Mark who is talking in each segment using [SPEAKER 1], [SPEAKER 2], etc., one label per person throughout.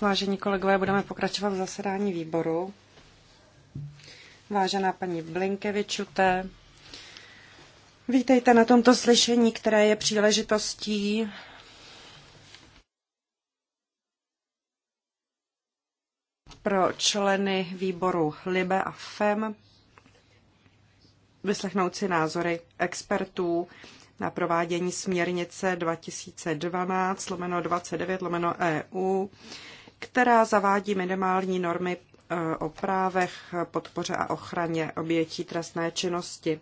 [SPEAKER 1] Vážení kolegové, budeme pokračovat v zasedání výboru. Vážená paní Blinkevičuté, vítejte na tomto slyšení, které je příležitostí pro členy výboru LIBE a FEM vyslechnout si názory expertů na provádění směrnice 2012 29 EU, která zavádí minimální normy e, o právech, podpoře a ochraně obětí trestné činnosti.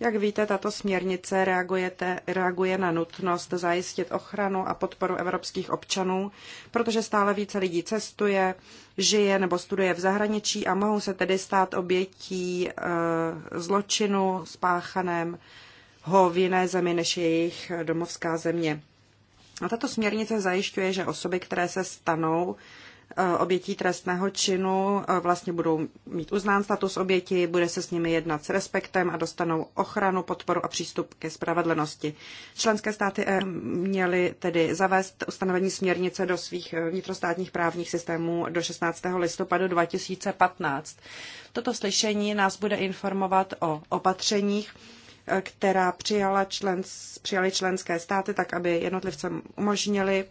[SPEAKER 1] Jak víte, tato směrnice reagujete, reaguje na nutnost zajistit ochranu a podporu evropských občanů, protože stále více lidí cestuje, žije nebo studuje v zahraničí a mohou se tedy stát obětí e, zločinu spáchaném ho v jiné zemi než jejich domovská země. A tato směrnice zajišťuje, že osoby, které se stanou e, obětí trestného činu, e, vlastně budou mít uznán status oběti, bude se s nimi jednat s respektem a dostanou ochranu, podporu a přístup ke spravedlnosti. Členské státy e měly tedy zavést ustanovení směrnice do svých vnitrostátních právních systémů do 16. listopadu 2015. Toto slyšení nás bude informovat o opatřeních, která přijala člen, přijali členské státy, tak aby jednotlivcem umožnili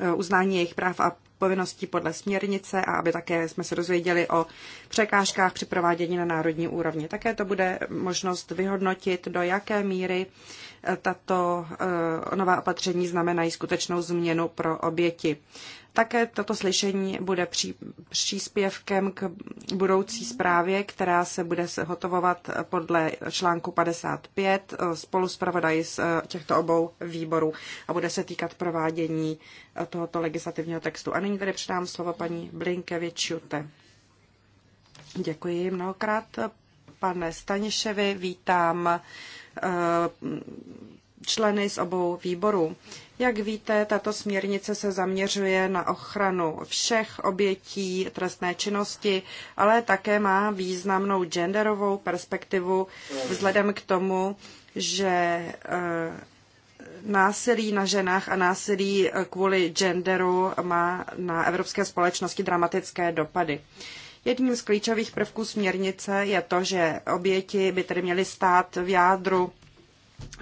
[SPEAKER 1] eh, uznání jejich práv a povinností podle směrnice a aby také jsme se dozvěděli o překážkách při provádění na národní úrovni. Také to bude možnost vyhodnotit, do jaké míry eh, tato eh, nová opatření znamenají skutečnou změnu pro oběti. Také toto slyšení bude pří, příspěvkem k budoucí zprávě, která se bude hotovovat podle článku 55 eh, spolu s pravodají z eh, těchto obou výborů a bude se týkat provádění eh, tohoto legislativního textu. A nyní tedy předám slovo paní Blinkevičute. Děkuji mnohokrát, pane Staniševi. Vítám členy z obou výborů. Jak víte, tato směrnice se zaměřuje na ochranu všech obětí trestné činnosti, ale také má významnou genderovou perspektivu vzhledem k tomu, že eh, násilí na ženách a násilí kvůli genderu má na evropské společnosti dramatické dopady. Jedním z klíčových prvků směrnice je to, že oběti by tedy měly stát v jádru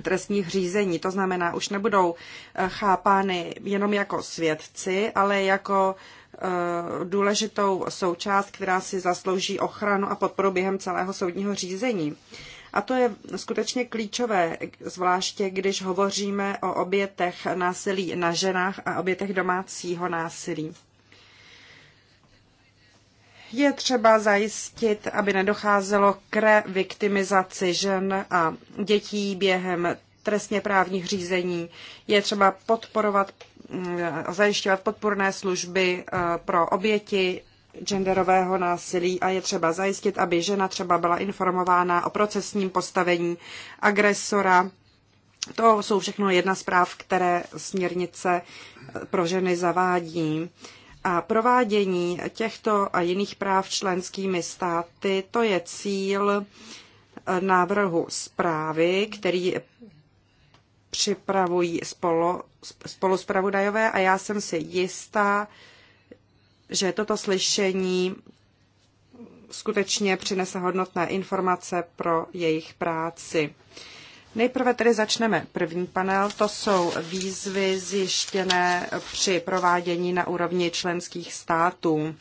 [SPEAKER 1] trestních řízení. To znamená, už nebudou eh, chápány jenom jako svědci, ale jako eh, důležitou součást, která si zaslouží ochranu a podporu během celého soudního řízení. A to je skutečně klíčové, zvláště když hovoříme o obětech násilí na ženách a obětech domácího násilí je třeba zajistit, aby nedocházelo k reviktimizaci žen a dětí během trestně právních řízení. Je třeba podporovat mm, a zajišťovat podporné služby eh, pro oběti genderového násilí a je třeba zajistit, aby žena třeba byla informována o procesním postavení agresora. To jsou všechno jedna zpráv, které směrnice eh, pro ženy zavádí. A provádění těchto a jiných práv členskými státy, to je cíl eh, návrhu zprávy, který připravují spolu, spoluspravodajové a já jsem si jistá, že toto slyšení skutečně přinese hodnotné informace pro jejich práci. Nejprve tedy začneme první panel, to jsou výzvy zjištěné při provádění na úrovni členských států.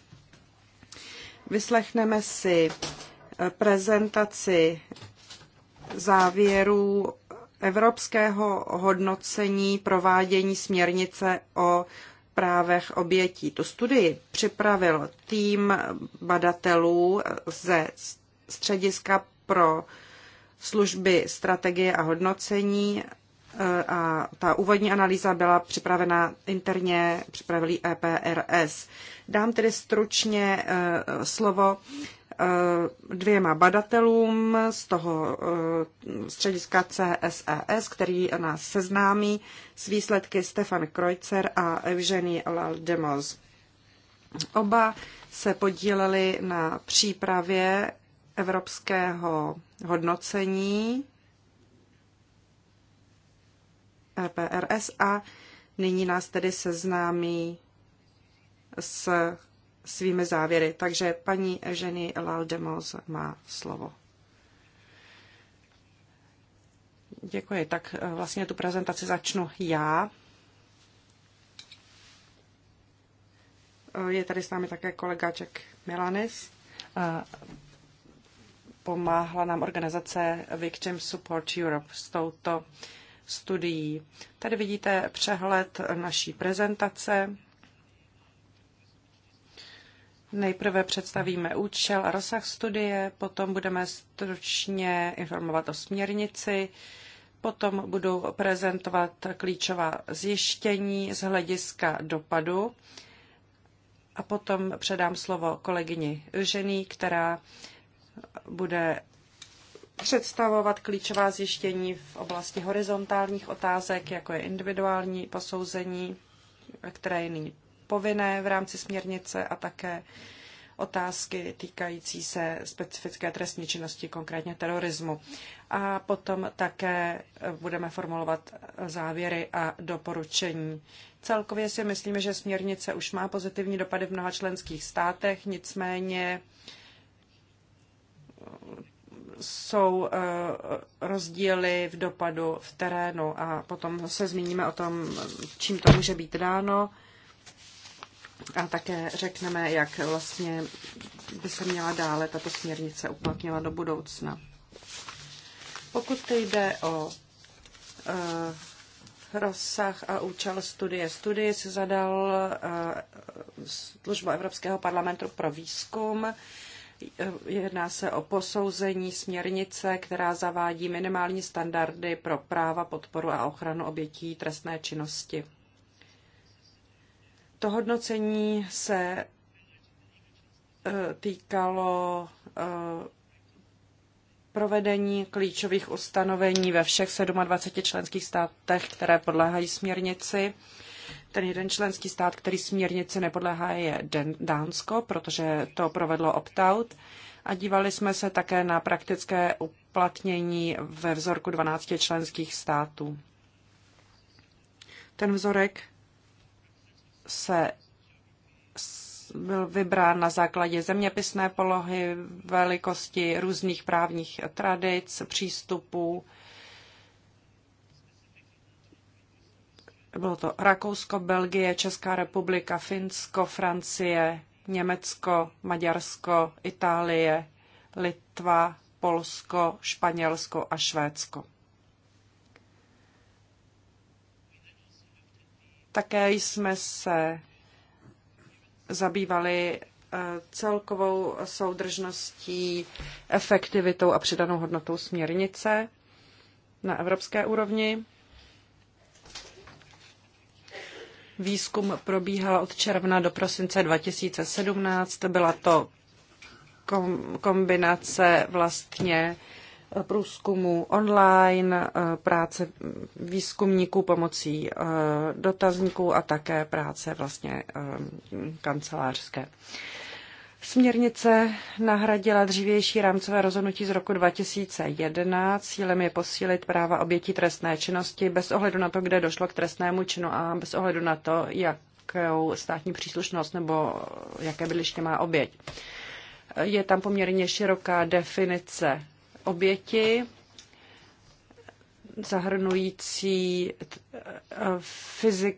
[SPEAKER 1] Vyslechneme si eh, prezentaci závěrů evropského hodnocení provádění směrnice o právech obětí. Tu studii připravil tým badatelů eh, ze Střediska pro služby strategie a hodnocení e, a ta úvodní analýza byla připravena interně, připravili EPRS. Dám tedy stručně e, slovo e, dvěma badatelům z toho střediska CSES, který nás seznámí s výsledky Stefan Kreutzer a Eugenie Laldemoz. Oba se podíleli na přípravě evropského hodnocení EPRS a nyní nás tedy seznámí s svými závěry. Takže paní Ženy Laldemos má slovo. Děkuji. Tak eh, vlastně tu prezentaci začnu já. Eh, je tady s námi také kolega Jack Milanis. Eh, pomáhla nám organizace Victim Support Europe s touto studií. Tady vidíte přehled naší prezentace. Nejprve představíme účel a rozsah studie, potom budeme stručně informovat o směrnici, potom budu prezentovat klíčová zjištění z hlediska dopadu a potom předám slovo kolegyni Ženy, která bude představovat klíčová zjištění v oblasti horizontálních otázek, jako je individuální posouzení, které je nyní povinné v rámci směrnice a také otázky týkající se specifické trestní činnosti, konkrétně terorismu. A potom také budeme formulovat závěry a doporučení. Celkově si myslíme, že směrnice už má pozitivní dopady v mnoha členských státech, nicméně jsou eh, rozdíly v dopadu v terénu a potom se zmíníme o tom, čím to může být dáno a také řekneme, jak vlastně by se měla dále tato směrnice uplatňovat do budoucna. Pokud jde o eh, rozsah a účel studie. Studii si zadal eh, služba Evropského parlamentu pro výzkum. Jedná se o posouzení směrnice, která zavádí minimální standardy pro práva, podporu a ochranu obětí trestné činnosti. To hodnocení se eh, týkalo eh, provedení klíčových ustanovení ve všech 27 členských státech, které podléhají směrnici. Ten jeden členský stát, který směrnici nepodléhá, je Dánsko, protože to provedlo opt-out. A dívali jsme se také na praktické uplatnění ve vzorku 12 členských států. Ten vzorek se byl vybrán na základě zeměpisné polohy, velikosti různých právních tradic, přístupů Bylo to Rakousko, Belgie, Česká republika, Finsko, Francie, Německo, Maďarsko, Itálie, Litva, Polsko, Španělsko a Švédsko. Také jsme se zabývali eh, celkovou soudržností, efektivitou a přidanou hodnotou směrnice na evropské úrovni. Výzkum probíhal od června do prosince 2017. Byla to kombinace vlastně eh, průzkumu online, eh, práce výzkumníků pomocí eh, dotazníků a také práce vlastně kancelářské. Směrnice nahradila dřívější rámcové rozhodnutí z roku 2001. Cílem je posílit práva obětí trestné činnosti bez ohledu na to, kde došlo k trestnému činu a bez ohledu na to, jakou státní příslušnost nebo jaké bydliště má oběť. Je tam poměrně široká definice oběti, zahrnující fyzik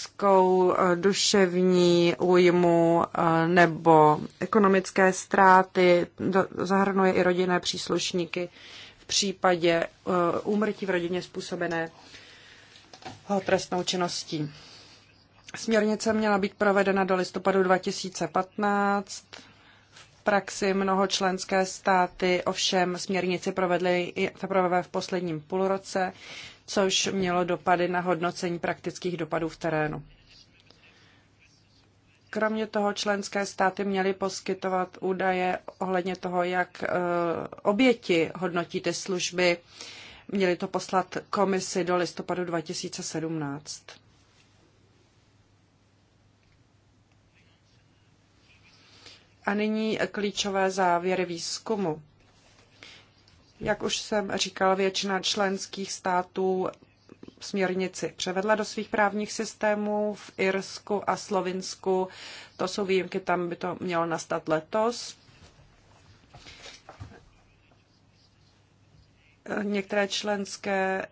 [SPEAKER 1] fyzickou, eh, duševní újmu eh, nebo ekonomické ztráty, zahrnuje i rodinné příslušníky v případě eh, úmrtí v rodině způsobené trestnou činností. Směrnice měla být provedena do listopadu 2015. V praxi mnoho členské státy ovšem směrnici provedly teprve v posledním půlroce, což mělo dopady na hodnocení praktických dopadů v terénu. Kromě toho členské státy měly poskytovat údaje ohledně toho, jak eh, oběti hodnotí ty služby. Měli to poslat komisi do listopadu 2017. A nyní klíčové závěry výzkumu. Jak už jsem říkal, většina členských států směrnici převedla do svých právních systémů v Irsku a Slovinsku. To jsou výjimky, tam by to mělo nastat letos. Některé členské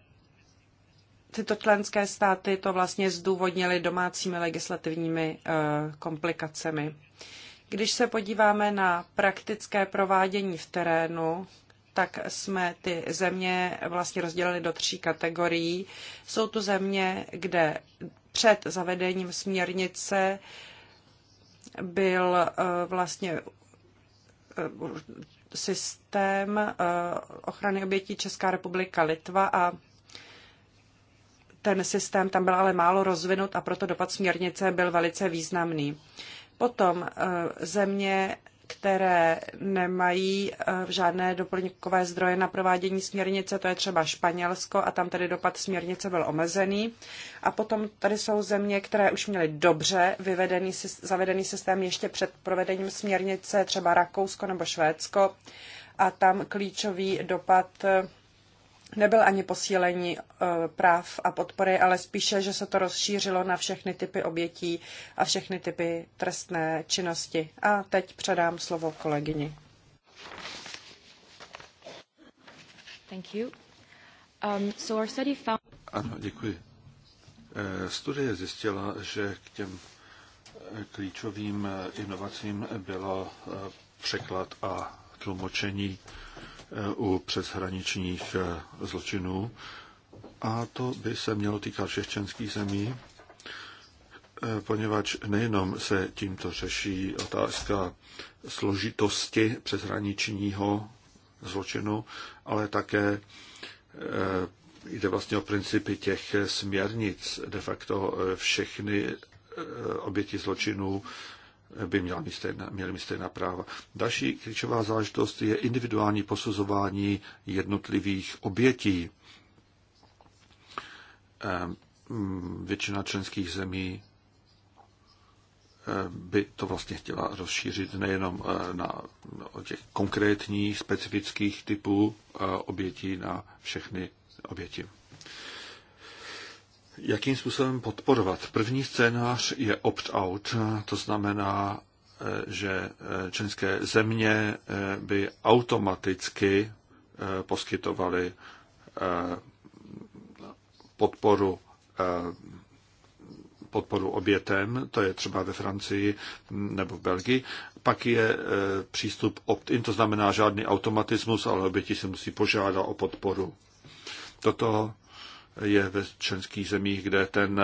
[SPEAKER 1] tyto členské státy to vlastně zdůvodnily domácími legislativními eh, komplikacemi. Když se podíváme na praktické provádění v terénu, tak jsme ty země vlastně rozdělili do tří kategorií. Jsou tu země, kde před zavedením směrnice byl eh, vlastně eh, systém eh, ochrany obětí Česká republika Litva a ten systém tam byl ale málo rozvinut a proto dopad směrnice byl velice významný. Potom země, které nemají eh, žádné doplňkové zdroje na provádění směrnice, to je třeba Španělsko a tam tedy dopad směrnice byl omezený. A potom tady jsou země, které už měly dobře vyvedený, zavedený systém ještě před provedením směrnice, třeba Rakousko nebo Švédsko a tam klíčový dopad eh, nebyl ani posílení eh, práv a podpory, ale spíše, že se to rozšířilo na všechny typy obětí a všechny typy trestné činnosti. A teď předám slovo kolegyni. Thank you.
[SPEAKER 2] Um, so our study found...
[SPEAKER 3] Ano, děkuji. Eh, studie zjistila, že k těm eh, klíčovým inovacím bylo překlad a tlumočení Eh, u přeshraničních eh, zločinů. A to by se mělo týkat všech členských zemí, eh, poněvadž nejenom se tímto řeší otázka složitosti přeshraničního zločinu, ale také jde vlastně o principy těch směrnic. De facto všechny oběti zločinů by měla mít stejná, měly mít stejná práva. Další klíčová záležitost je individuální posuzování jednotlivých obětí. Ehm, mm, většina členských zemí ehm, by to vlastně chtěla rozšířit nejenom eh, na no, těch konkrétních, specifických typů eh, obětí, na všechny oběti jakým způsobem podporovat. První scénář je opt-out, to znamená, eh, že eh, členské země eh, by automaticky poskytovaly podporu podporu obětem, to je třeba ve Francii nebo v Belgii. Pak je přístup opt-in, to znamená žádný automatismus, ale oběti se musí požádat o podporu. Toto je ve členských zemích, kde ten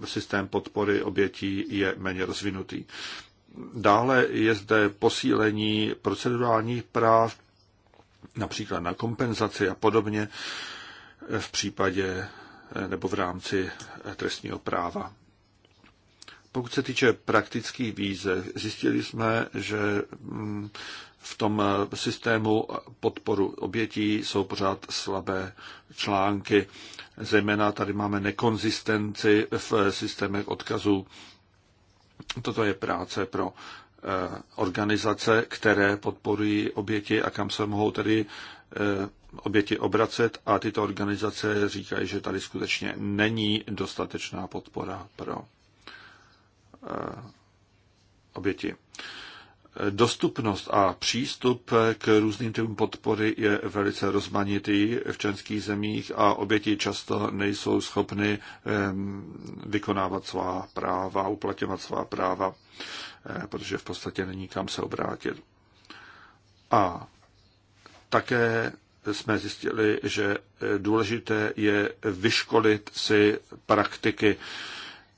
[SPEAKER 3] eh, systém podpory obětí je méně rozvinutý. Dále je zde posílení procedurálních práv, například na kompenzaci a podobně eh, v případě eh, nebo v rámci trestního práva. Pokud se týče praktických výzev, zjistili jsme, že mm, v tom systému podporu obětí jsou pořád slabé články. Zejména tady máme nekonzistenci v systémech odkazů. Toto je práce pro eh, organizace, které podporují oběti a kam se mohou tedy eh, oběti obracet a tyto organizace říkají, že tady skutečně není dostatečná podpora pro eh, oběti. Dostupnost a přístup k různým typům podpory je velice rozmanitý v členských zemích a oběti často nejsou schopny vykonávat svá práva, uplatňovat svá práva, eh, protože v podstatě není kam se obrátit. A také jsme zjistili, že eh, důležité je vyškolit si praktiky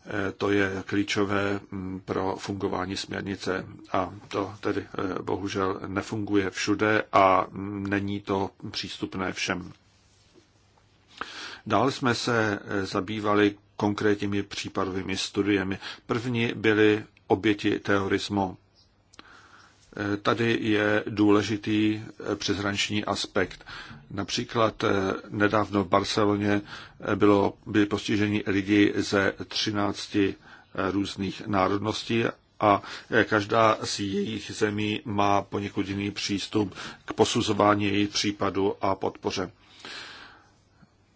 [SPEAKER 3] Eh, to je klíčové mm, pro fungování směrnice a to tedy eh, bohužel nefunguje všude a mm, není to přístupné všem. Dále jsme se eh, zabývali konkrétními případovými studiemi. První byly oběti terorismu. Tady je důležitý přeshraniční aspekt. Například eh, nedávno v Barceloně eh, bylo, byli postiženi lidi ze 13 eh, různých národností a každá z jejich zemí má poněkud jiný přístup k posuzování jejich případu a podpoře.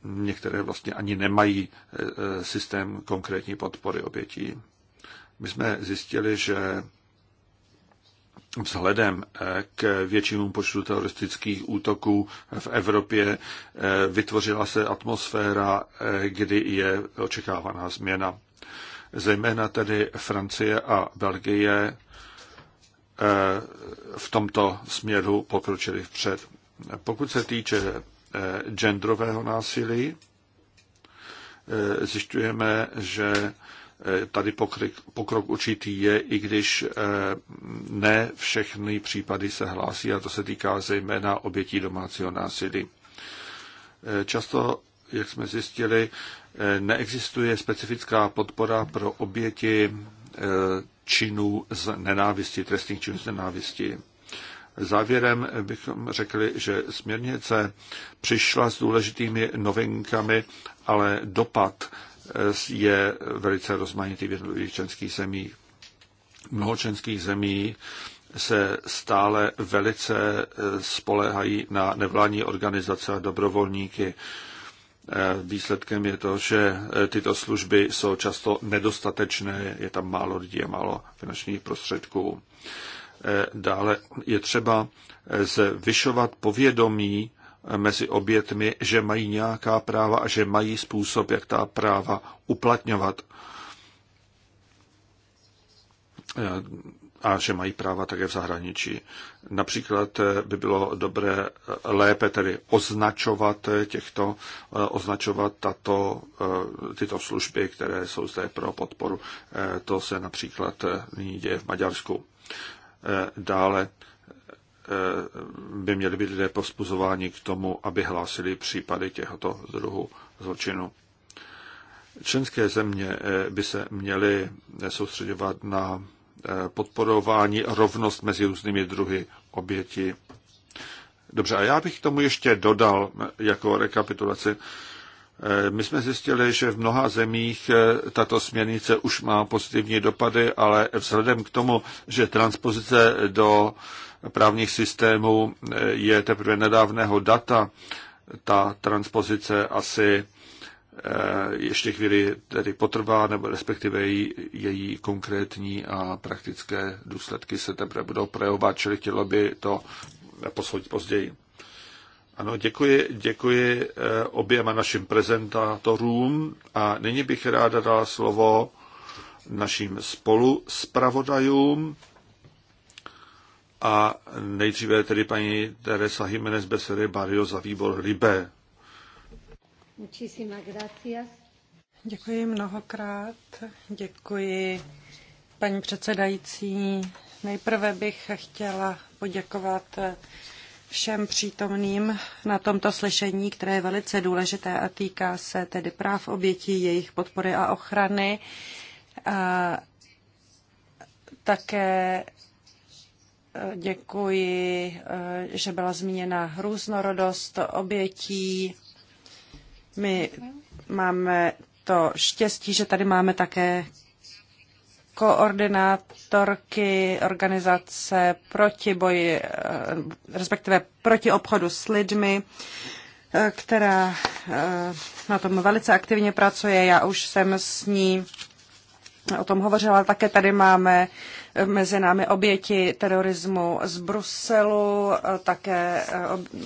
[SPEAKER 3] Některé vlastně ani nemají systém konkrétní podpory obětí. My jsme zjistili, že vzhledem eh, k většímu počtu teroristických útoků v Evropě eh, vytvořila se atmosféra, eh, kdy je očekávaná změna. Zejména tedy Francie a Belgie v tomto směru pokročili vpřed. Pokud se týče genderového násilí, zjišťujeme, že tady pokrok, pokrok určitý je, i když eh, ne všechny případy se hlásí, a to se týká zejména obětí domácího násilí. Eh, často, jak jsme zjistili, eh, neexistuje specifická podpora pro oběti činů z nenávisti, trestných činů z nenávisti. Závěrem bychom řekli, že směrnice přišla s důležitými novinkami, ale dopad je velice rozmanitý v jednotlivých členských zemích. Mnoho členských zemí se stále velice eh, spolehají na nevládní organizace a dobrovolníky. Eh, výsledkem je to, že eh, tyto služby jsou často nedostatečné, je tam málo lidí a málo finančních prostředků. Dále je třeba zvyšovat povědomí mezi obětmi, že mají nějaká práva a že mají způsob, jak ta práva uplatňovat. A že mají práva také v zahraničí. Například by bylo dobré lépe tedy označovat těchto, označovat tato, tyto služby, které jsou zde pro podporu. To se například nyní děje v Maďarsku. Dále by měli být lidé pospuzováni k tomu, aby hlásili případy těchto druhů zločinu. Členské země eh, by se měly eh, soustředovat na eh, podporování rovnost mezi různými druhy oběti. Dobře, a já bych k tomu ještě dodal jako rekapitulaci. My jsme zjistili, že v mnoha zemích tato směrnice už má pozitivní dopady, ale vzhledem k tomu, že transpozice do právních systémů eh, je teprve nedávného data. Ta transpozice asi eh, ještě chvíli tedy potrvá, nebo respektive její, její konkrétní a praktické důsledky se teprve budou projevovat, čili chtělo by to posoudit později. Ano, děkuji, děkuji eh, oběma našim prezentátorům a nyní bych ráda dala slovo našim spolu spravodajům a nejdříve tedy paní Teresa Jiménez Becerre Barrio za výbor Libe.
[SPEAKER 1] Děkuji mnohokrát. Děkuji paní předsedající. Nejprve bych chtěla poděkovat všem přítomným na tomto slyšení, které je velice důležité a týká se tedy práv obětí, jejich podpory a ochrany. A také Děkuji, eh, že byla zmíněna různorodost obětí. My máme to štěstí, že tady máme také koordinátorky organizace proti boji, eh, respektive proti obchodu s lidmi, eh, která na tom velice aktivně pracuje. Já už jsem s ní o tom hovořila. Také tady máme mezi námi oběti terorismu z Bruselu, e, také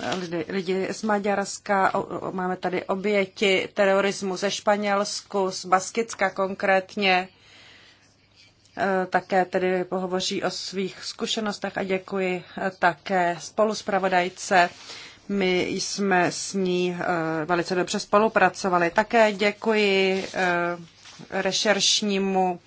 [SPEAKER 1] e, lidi, lidi z Maďarska, máme tady oběti terorismu ze Španělsku, z Baskicka konkrétně. E, také tedy pohovoří o svých zkušenostech a děkuji také spoluspravodajce. My jsme s ní velice dobře spolupracovali. Také děkuji rešeršnímu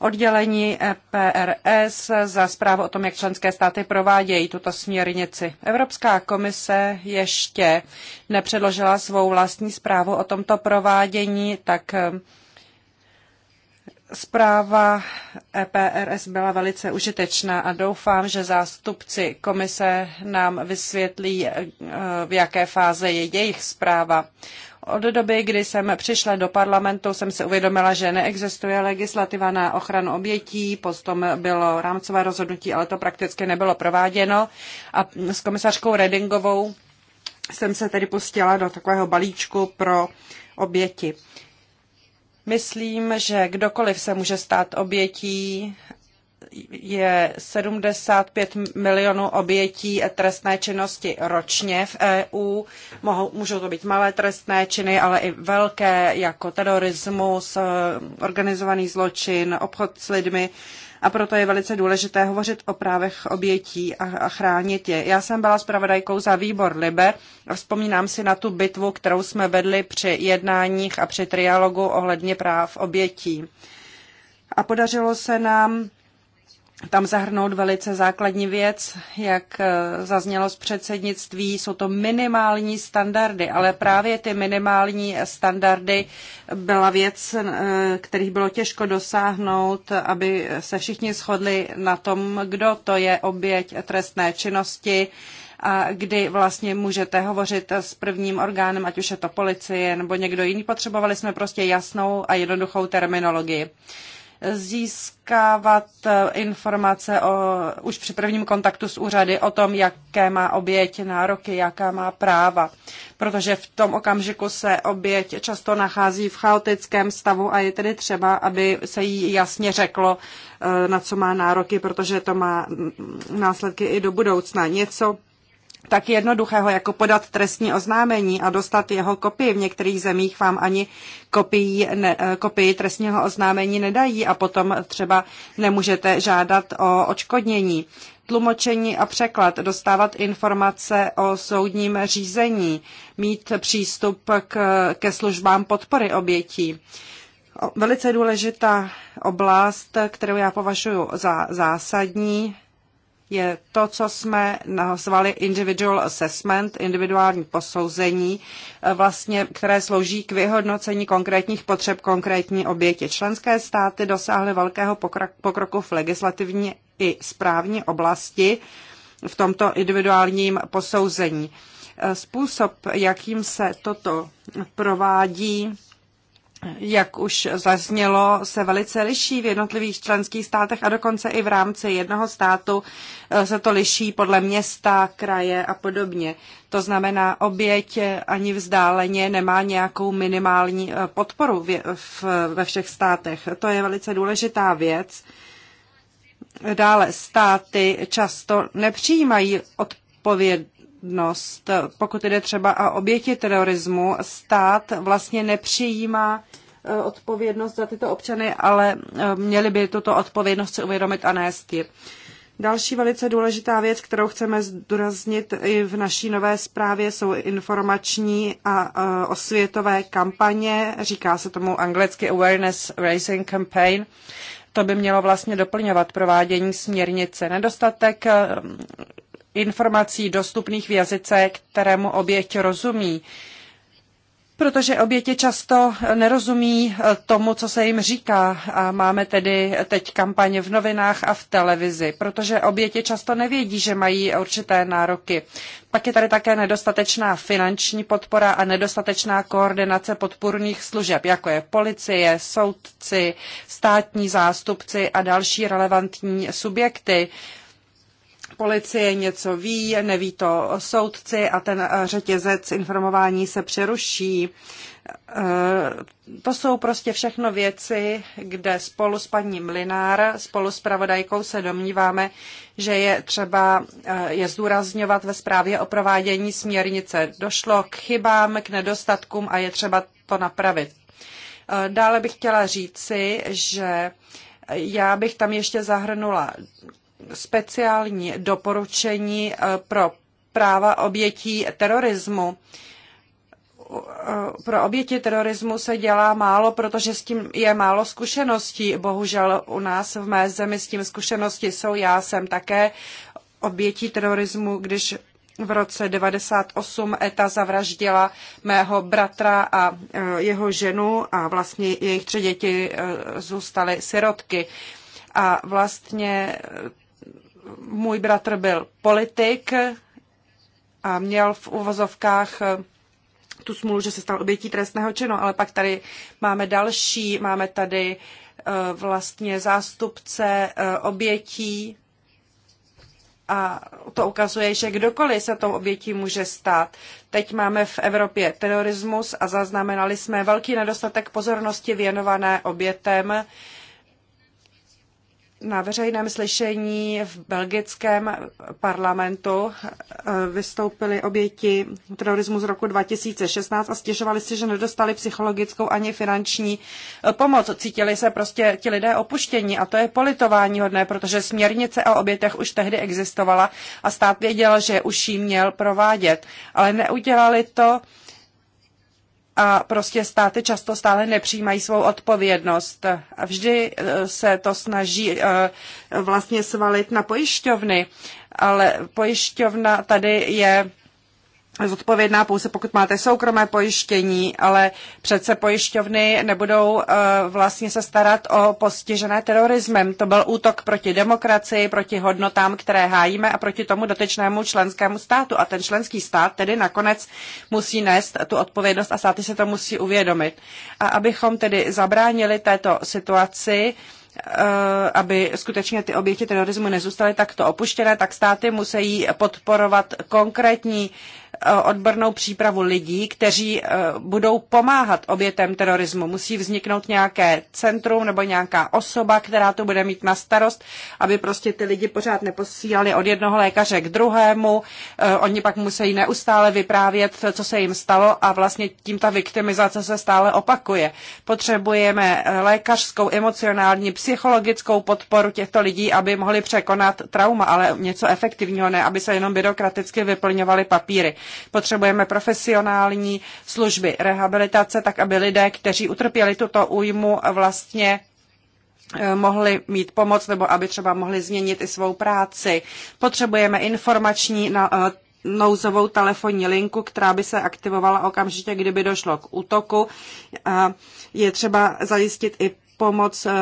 [SPEAKER 1] oddělení e PRS za zprávu o tom, jak členské státy provádějí tuto směrnici. Evropská komise ještě nepředložila svou vlastní zprávu o tomto provádění, tak Zpráva EPRS byla velice užitečná a doufám, že zástupci komise nám vysvětlí, eh, v jaké fáze je jejich zpráva. Od doby, kdy jsem přišla do parlamentu, jsem si uvědomila, že neexistuje legislativa na ochranu obětí, potom bylo rámcové rozhodnutí, ale to prakticky nebylo prováděno. A s komisařkou Redingovou jsem se tedy pustila do takového balíčku pro oběti. Myslím, že kdokoliv se může stát obětí, je 75 milionů obětí trestné činnosti ročně v EU. Mohou, můžou to být malé trestné činy, ale i velké, jako terorismus, eh, organizovaný zločin, obchod s lidmi a proto je velice důležité hovořit o právech obětí a, a chránit je. Já jsem byla zpravodajkou za výbor Libe a vzpomínám si na tu bitvu, kterou jsme vedli při jednáních a při trialogu ohledně práv obětí. A podařilo se nám tam zahrnout velice základní věc, jak eh, zaznělo z předsednictví, jsou to minimální standardy, ale právě ty minimální standardy byla věc, eh, kterých bylo těžko dosáhnout, aby se všichni shodli na tom, kdo to je oběť trestné činnosti a kdy vlastně můžete hovořit s prvním orgánem, ať už je to policie nebo někdo jiný. Potřebovali jsme prostě jasnou a jednoduchou terminologii získávat eh, informace o, už při prvním kontaktu s úřady o tom, jaké má oběť nároky, jaká má práva. Protože v tom okamžiku se oběť často nachází v chaotickém stavu a je tedy třeba, aby se jí jasně řeklo, eh, na co má nároky, protože to má mm, následky i do budoucna. Něco, tak jednoduchého, jako podat trestní oznámení a dostat jeho kopii. V některých zemích vám ani kopii, ne, eh, kopii trestního oznámení nedají a potom třeba nemůžete žádat o očkodnění. Tlumočení a překlad, dostávat informace o soudním řízení, mít přístup k, ke službám podpory obětí. Velice důležitá oblast, kterou já považuji za zásadní, je to, co jsme nazvali individual assessment, individuální posouzení, eh, vlastně, které slouží k vyhodnocení konkrétních potřeb konkrétní oběti. Členské státy dosáhly velkého pokroku v legislativní i správní oblasti v tomto individuálním posouzení. Eh, způsob, jakým se toto provádí, jak už zaznělo, se velice liší v jednotlivých členských státech a dokonce i v rámci jednoho státu eh, se to liší podle města, kraje a podobně. To znamená, oběť ani vzdáleně nemá nějakou minimální eh, podporu ve všech státech. To je velice důležitá věc. Dále státy často nepřijímají odpovědnost odpovědnost. Pokud jde třeba a oběti terorismu, stát vlastně nepřijímá e, odpovědnost za tyto občany, ale e, měli by tuto odpovědnost si uvědomit a nést ji. Další velice důležitá věc, kterou chceme zdůraznit i v naší nové zprávě, jsou informační a e, osvětové kampaně. Říká se tomu anglicky Awareness Raising Campaign. To by mělo vlastně doplňovat provádění směrnice. Nedostatek informací dostupných v jazyce, kterému oběť rozumí. Protože oběti často nerozumí eh, tomu, co se jim říká. A máme tedy teď kampaně v novinách a v televizi, protože oběti často nevědí, že mají určité nároky. Pak je tady také nedostatečná finanční podpora a nedostatečná koordinace podpůrných služeb, jako je policie, soudci, státní zástupci a další relevantní subjekty policie něco ví, neví to soudci a ten eh, řetězec informování se přeruší. Eh, to jsou prostě všechno věci, kde spolu s paní Mlinár, spolu s pravodajkou se domníváme, že je třeba eh, je zdůrazňovat ve zprávě o provádění směrnice. Došlo k chybám, k nedostatkům a je třeba to napravit. Dále bych chtěla říci, že já bych tam ještě zahrnula speciální doporučení eh, pro práva obětí terorismu. Eh, pro oběti terorismu se dělá málo, protože s tím je málo zkušeností. Bohužel u nás v mé zemi s tím zkušenosti jsou. Já jsem také obětí terorismu, když v roce 98 ETA zavraždila mého bratra a eh, jeho ženu a vlastně jejich tři děti zůstaly sirotky. A vlastně můj bratr byl politik a měl v uvozovkách eh, tu smůlu, že se stal obětí trestného činu, ale pak tady máme další, máme tady eh, vlastně zástupce eh, obětí a to ukazuje, že kdokoliv se tou obětí může stát. Teď máme v Evropě terorismus a zaznamenali jsme velký nedostatek pozornosti věnované obětem na veřejném slyšení v belgickém parlamentu eh, vystoupily oběti terorismu z roku 2016 a stěžovali si, že nedostali psychologickou ani finanční eh, pomoc. Cítili se prostě ti lidé opuštění a to je politování hodné, protože směrnice o obětech už tehdy existovala a stát věděl, že už ji měl provádět, ale neudělali to a prostě státy často stále nepřijímají svou odpovědnost. A vždy e, se to snaží e, vlastně svalit na pojišťovny, ale pojišťovna tady je zodpovědná pouze pokud máte soukromé pojištění, ale přece pojišťovny nebudou eh, vlastně se starat o postižené terorismem. To byl útok proti demokracii, proti hodnotám, které hájíme a proti tomu dotyčnému členskému státu. A ten členský stát tedy nakonec musí nést tu odpovědnost a státy se to musí uvědomit. A abychom tedy zabránili této situaci, eh, aby skutečně ty oběti terorismu nezůstaly takto opuštěné, tak státy musí podporovat konkrétní uh, odbornou přípravu lidí, kteří eh, budou pomáhat obětem terorismu. Musí vzniknout nějaké centrum nebo nějaká osoba, která to bude mít na starost, aby prostě ty lidi pořád neposílali od jednoho lékaře k druhému. Eh, oni pak musí neustále vyprávět, co se jim stalo a vlastně tím ta viktimizace se stále opakuje. Potřebujeme eh, lékařskou, emocionální, psychologickou podporu těchto lidí, aby mohli překonat trauma, ale něco efektivního, ne aby se jenom byrokraticky vyplňovaly papíry. Potřebujeme profesionální služby rehabilitace, tak aby lidé, kteří utrpěli tuto újmu, vlastně eh, mohli mít pomoc nebo aby třeba mohli změnit i svou práci. Potřebujeme informační na, eh, nouzovou telefonní linku, která by se aktivovala okamžitě, kdyby došlo k útoku. Je třeba zajistit i pomoc eh,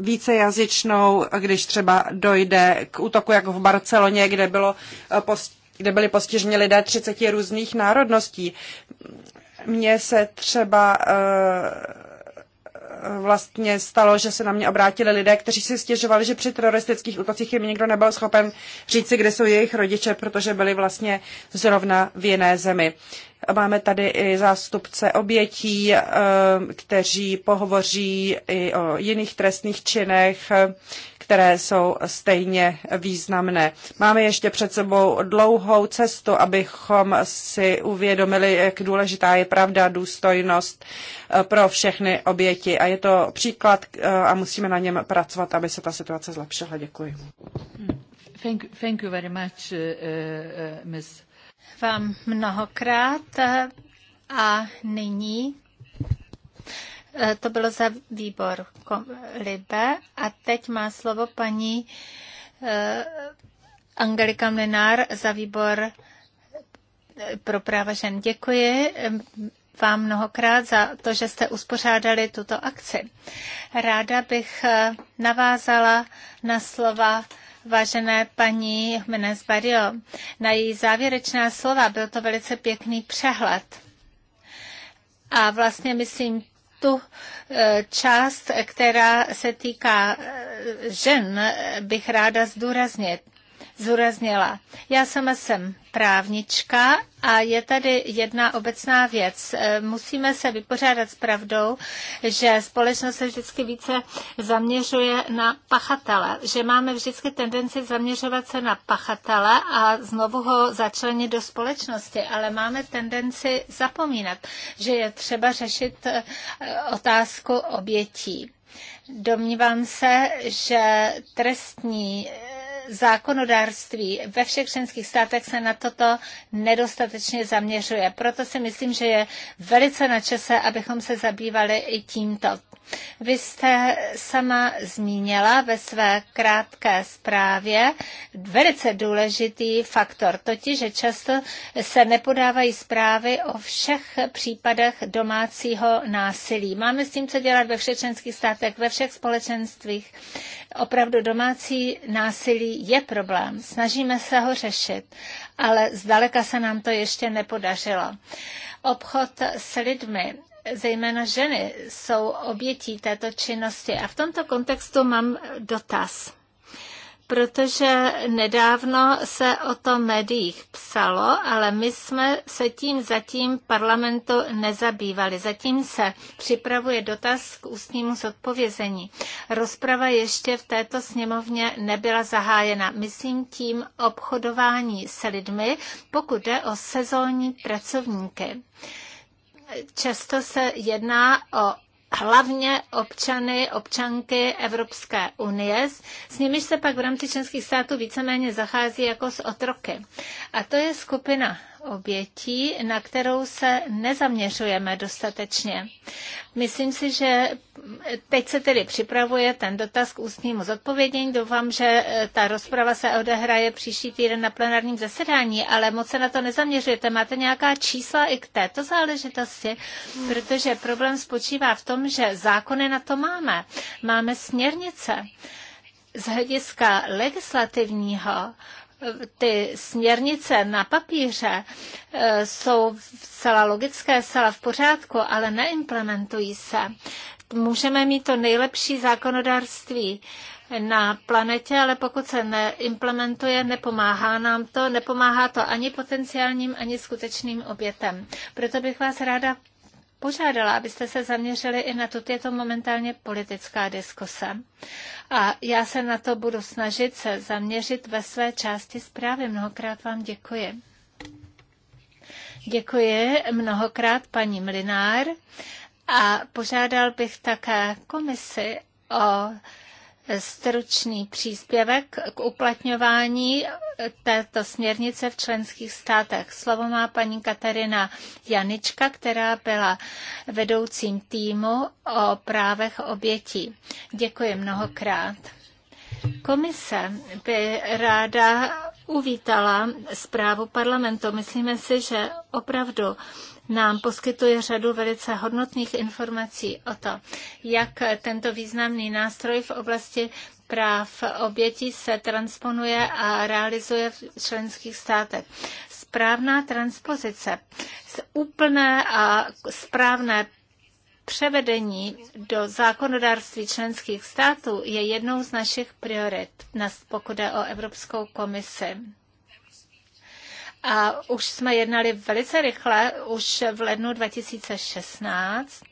[SPEAKER 1] vícejazyčnou, když třeba dojde k útoku, jako v Barceloně, kde bylo post kde byli postiženi lidé 30 různých národností. Mně se třeba eh, vlastně stalo, že se na mě obrátili lidé, kteří si stěžovali, že při teroristických útocích jim nikdo nebyl schopen říct, kde jsou jejich rodiče, protože byli vlastně zrovna v jiné zemi. Máme tady i zástupce obětí, eh, kteří pohovoří i o jiných trestných činech, které jsou stejně významné. Máme ještě před sebou dlouhou cestu, abychom si uvědomili, jak důležitá je pravda, důstojnost eh, pro všechny oběti. A je to příklad eh, a musíme na něm pracovat, aby se ta situace zlepšila. Děkuji.
[SPEAKER 2] Hmm. Thank, thank you very much, uh, uh, Vám mnohokrát a nyní Eh, to bylo za výbor Libe a teď má slovo paní eh, Angelika Mlinár za výbor eh, pro práva žen. Děkuji vám mnohokrát za to, že jste uspořádali tuto akci. Ráda bych navázala na slova vážené paní Menes Barrio. Na její závěrečná slova byl to velice pěkný přehled. A vlastně myslím tu eh, část, která se týká eh, žen, bych ráda zdůraznit zúraznila. Já sama jsem právnička a je tady jedna obecná věc. E, musíme se vypořádat s pravdou, že společnost se vždycky více zaměřuje na pachatele, že máme vždycky tendenci zaměřovat se na pachatele a znovu ho začlenit do společnosti, ale máme tendenci zapomínat, že je třeba řešit e, otázku obětí. Domnívám se, že trestní zákonodárství ve všech členských státech se na toto nedostatečně zaměřuje. Proto si myslím, že je velice na čase, abychom se zabývali i tímto. Vy jste sama zmínila ve své krátké zprávě velice důležitý faktor, totiž, že často se nepodávají zprávy o všech případech domácího násilí. Máme s tím co dělat ve všech členských státech, ve všech společenstvích. Opravdu domácí násilí je problém. Snažíme se ho řešit, ale zdaleka se nám to ještě nepodařilo. Obchod s lidmi zejména ženy jsou obětí této činnosti. A v tomto kontextu mám dotaz protože nedávno se o tom médiích psalo, ale my jsme se tím zatím parlamentu nezabývali. Zatím se připravuje dotaz k ústnímu zodpovězení. Rozprava ještě v této sněmovně nebyla zahájena. Myslím tím obchodování se lidmi, pokud jde o sezónní pracovníky často se jedná o hlavně občany, občanky Evropské unie, s nimiž se pak v rámci členských států víceméně zachází jako s otroky. A to je skupina obětí, na kterou se nezaměřujeme dostatečně. Myslím si, že teď se tedy připravuje ten dotaz k ústnímu zodpovědění. Doufám, že eh, ta rozprava se odehraje příští týden na plenárním zasedání, ale moc se na to nezaměřujete. Máte nějaká čísla i k této záležitosti? Protože problém spočívá v tom, že zákony na to máme. Máme směrnice. Z hlediska legislativního ty směrnice na papíře e, jsou zcela logické, zcela v pořádku, ale neimplementují se. Můžeme mít to nejlepší zákonodárství na planetě, ale pokud se neimplementuje, nepomáhá nám to, nepomáhá to ani potenciálním, ani skutečným obětem. Proto bych vás ráda požádala, abyste se zaměřili i na to, je to momentálně politická diskuse. A já se na to budu snažit se zaměřit ve své části zprávy. Mnohokrát vám děkuji. Děkuji mnohokrát paní Mlinár a požádal bych také komisi o stručný příspěvek k uplatňování této směrnice v členských státech. Slovo má paní Katarina Janička, která byla vedoucím týmu o právech obětí. Děkuji mnohokrát. Komise by ráda uvítala zprávu parlamentu. Myslíme si, že opravdu nám poskytuje řadu velice hodnotných informací o to, jak tento významný nástroj v oblasti práv obětí se transponuje a realizuje v členských státech. Správná transpozice, úplné a správné Převedení do zákonodárství členských států je jednou z našich priorit, pokud jde o Evropskou komisi. A už jsme jednali velice rychle, už v lednu 2016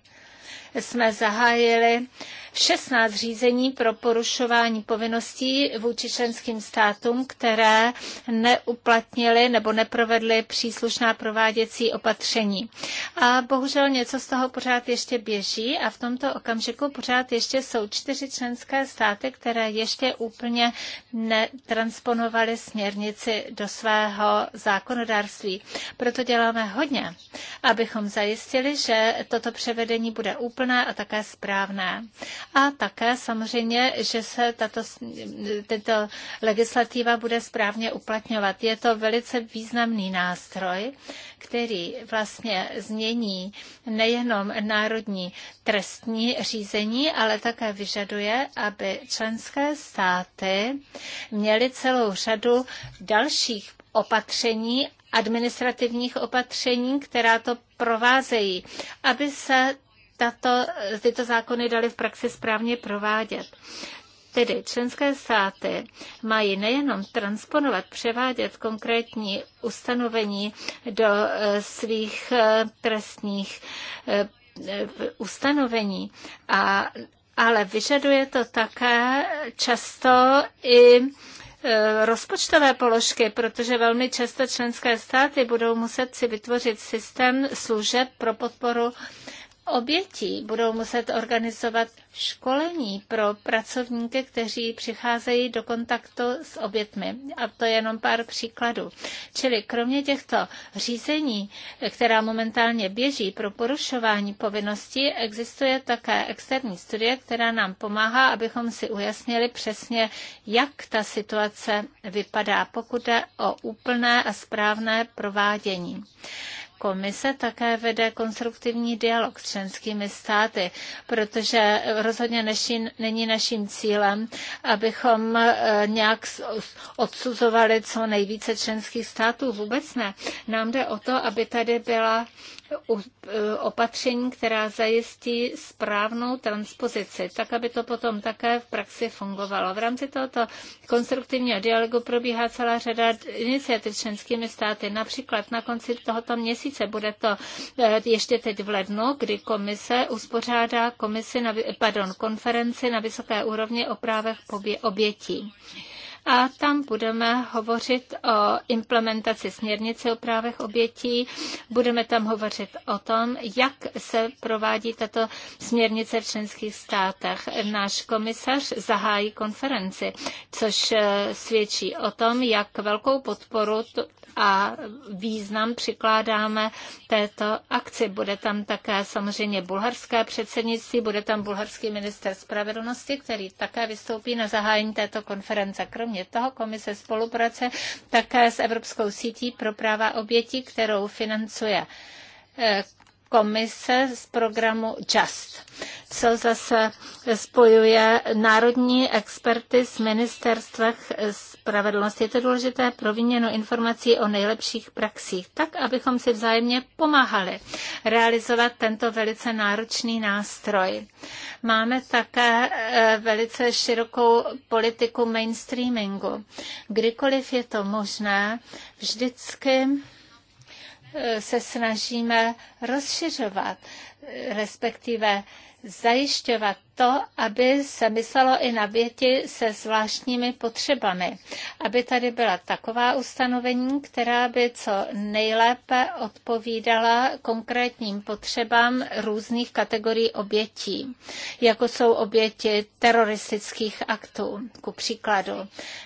[SPEAKER 2] jsme zahájili 16 řízení pro porušování povinností vůči členským státům, které neuplatnily nebo neprovedly příslušná prováděcí opatření. A bohužel něco z toho pořád ještě běží a v tomto okamžiku pořád ještě jsou čtyři členské státy, které ještě úplně netransponovaly směrnici do svého zákonodárství. Proto děláme hodně, abychom zajistili, že toto převedení bude úplné a také správné. A také samozřejmě, že se tato, tato legislativa bude správně uplatňovat. Je to velice významný nástroj, který vlastně změní nejenom národní trestní řízení, ale také vyžaduje, aby členské státy měly celou řadu dalších opatření, administrativních opatření, která to provázejí, aby se tato, tyto zákony dali v praxi správně provádět. Tedy členské státy mají nejenom transponovat, převádět konkrétní ustanovení do eh, svých eh, trestních eh, ustanovení, a, ale vyžaduje to také často i rozpočtové položky, protože velmi často členské státy budou muset si vytvořit systém služeb pro podporu obětí. Budou muset organizovat školení pro pracovníky, kteří přicházejí do kontaktu s obětmi. A to je jenom pár příkladů. Čili kromě těchto řízení, která momentálně běží pro porušování povinností, existuje také externí studie, která nám pomáhá, abychom si ujasnili přesně, jak ta situace vypadá, pokud jde o úplné a správné provádění. Komise také vede konstruktivní dialog s členskými státy, protože rozhodně naši, není naším cílem, abychom eh, nějak odsuzovali co nejvíce členských států. Vůbec ne. Nám jde o to, aby tady byla Eh, opatření, která zajistí správnou transpozici, tak aby to potom také v praxi fungovalo. V rámci tohoto konstruktivního dialogu probíhá celá řada iniciativ členskými státy. Například na konci tohoto měsíce bude to eh, ještě teď v lednu, kdy komise uspořádá komisi na, pardon, konferenci na vysoké úrovni o právech obětí a tam budeme hovořit o implementaci směrnice o právech obětí. Budeme tam hovořit o tom, jak se provádí tato směrnice v členských státech. Náš komisař zahájí konferenci, což eh, svědčí o tom, jak velkou podporu a význam přikládáme této akci. Bude tam také samozřejmě bulharské předsednictví, bude tam bulharský minister spravedlnosti, který také vystoupí na zahájení této konference. Kromě Kromě toho komise spolupráce také s Evropskou sítí pro práva obětí, kterou financuje eh, komise z programu JUST, co zase spojuje národní experty z ministerstvech spravedlnost, je to důležité pro informací o nejlepších praxích, tak, abychom si vzájemně pomáhali realizovat tento velice náročný nástroj. Máme také eh, velice širokou politiku mainstreamingu. Kdykoliv je to možné, vždycky eh, se snažíme rozšiřovat, eh, respektive zajišťovat to, aby se myslelo i na věti se zvláštními potřebami, aby tady byla taková ustanovení, která by co nejlépe odpovídala konkrétním potřebám různých kategorií obětí, jako jsou oběti teroristických aktů, ku příkladu.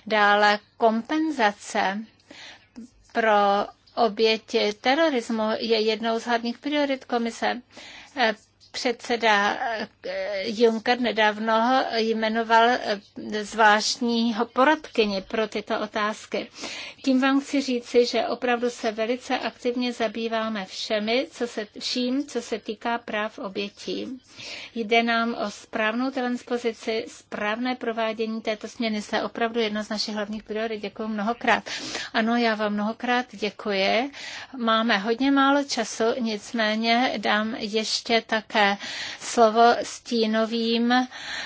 [SPEAKER 2] Dále kompenzace pro oběti terorismu je jednou z hlavních priorit komise předseda eh, Juncker nedávno jmenoval eh, zvláštního poradkyně pro tyto otázky. Tím vám chci říci, že opravdu se velice aktivně zabýváme všemi, co se, vším, co se týká práv obětí. Jde nám o správnou transpozici, správné provádění této Se Opravdu jedna z našich hlavních priorit. Děkuji mnohokrát. Ano, já vám mnohokrát děkuji. Máme hodně málo času, nicméně dám ještě také slovo stínovým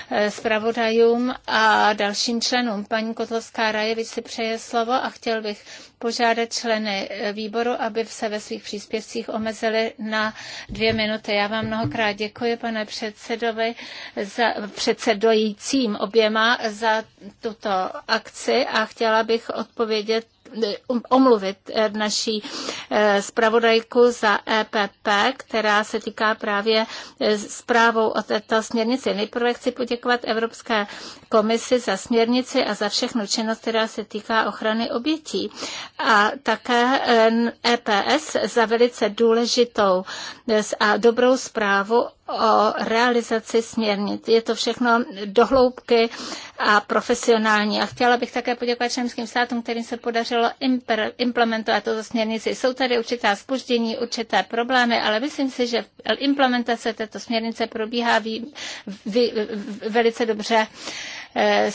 [SPEAKER 2] eh, zpravodajům a dalším členům. Paní Kotlovská Rajevič si přeje slovo a chtěl bych požádat členy eh, výboru, aby se ve svých příspěvcích omezili na dvě minuty. Já vám mnohokrát děkuji, pane předsedovi, za, předsedojícím oběma za tuto akci a chtěla bych odpovědět omluvit eh, naší eh, zpravodajku za EPP, která se týká právě eh, zprávou o této směrnici. Nejprve chci poděkovat Evropské komisi za směrnici a za všechnu činnost, která se týká ochrany obětí. A také EPS e za velice důležitou a dobrou zprávu o realizaci směrnic. Je to všechno dohloubky a profesionální. A chtěla bych také poděkovat členským státům, kterým se podařilo implementovat tuto směrnici. Jsou tady určitá spoždění, určité problémy, ale myslím si, že implementace této směrnice probíhá vý, vý, velice dobře Eh,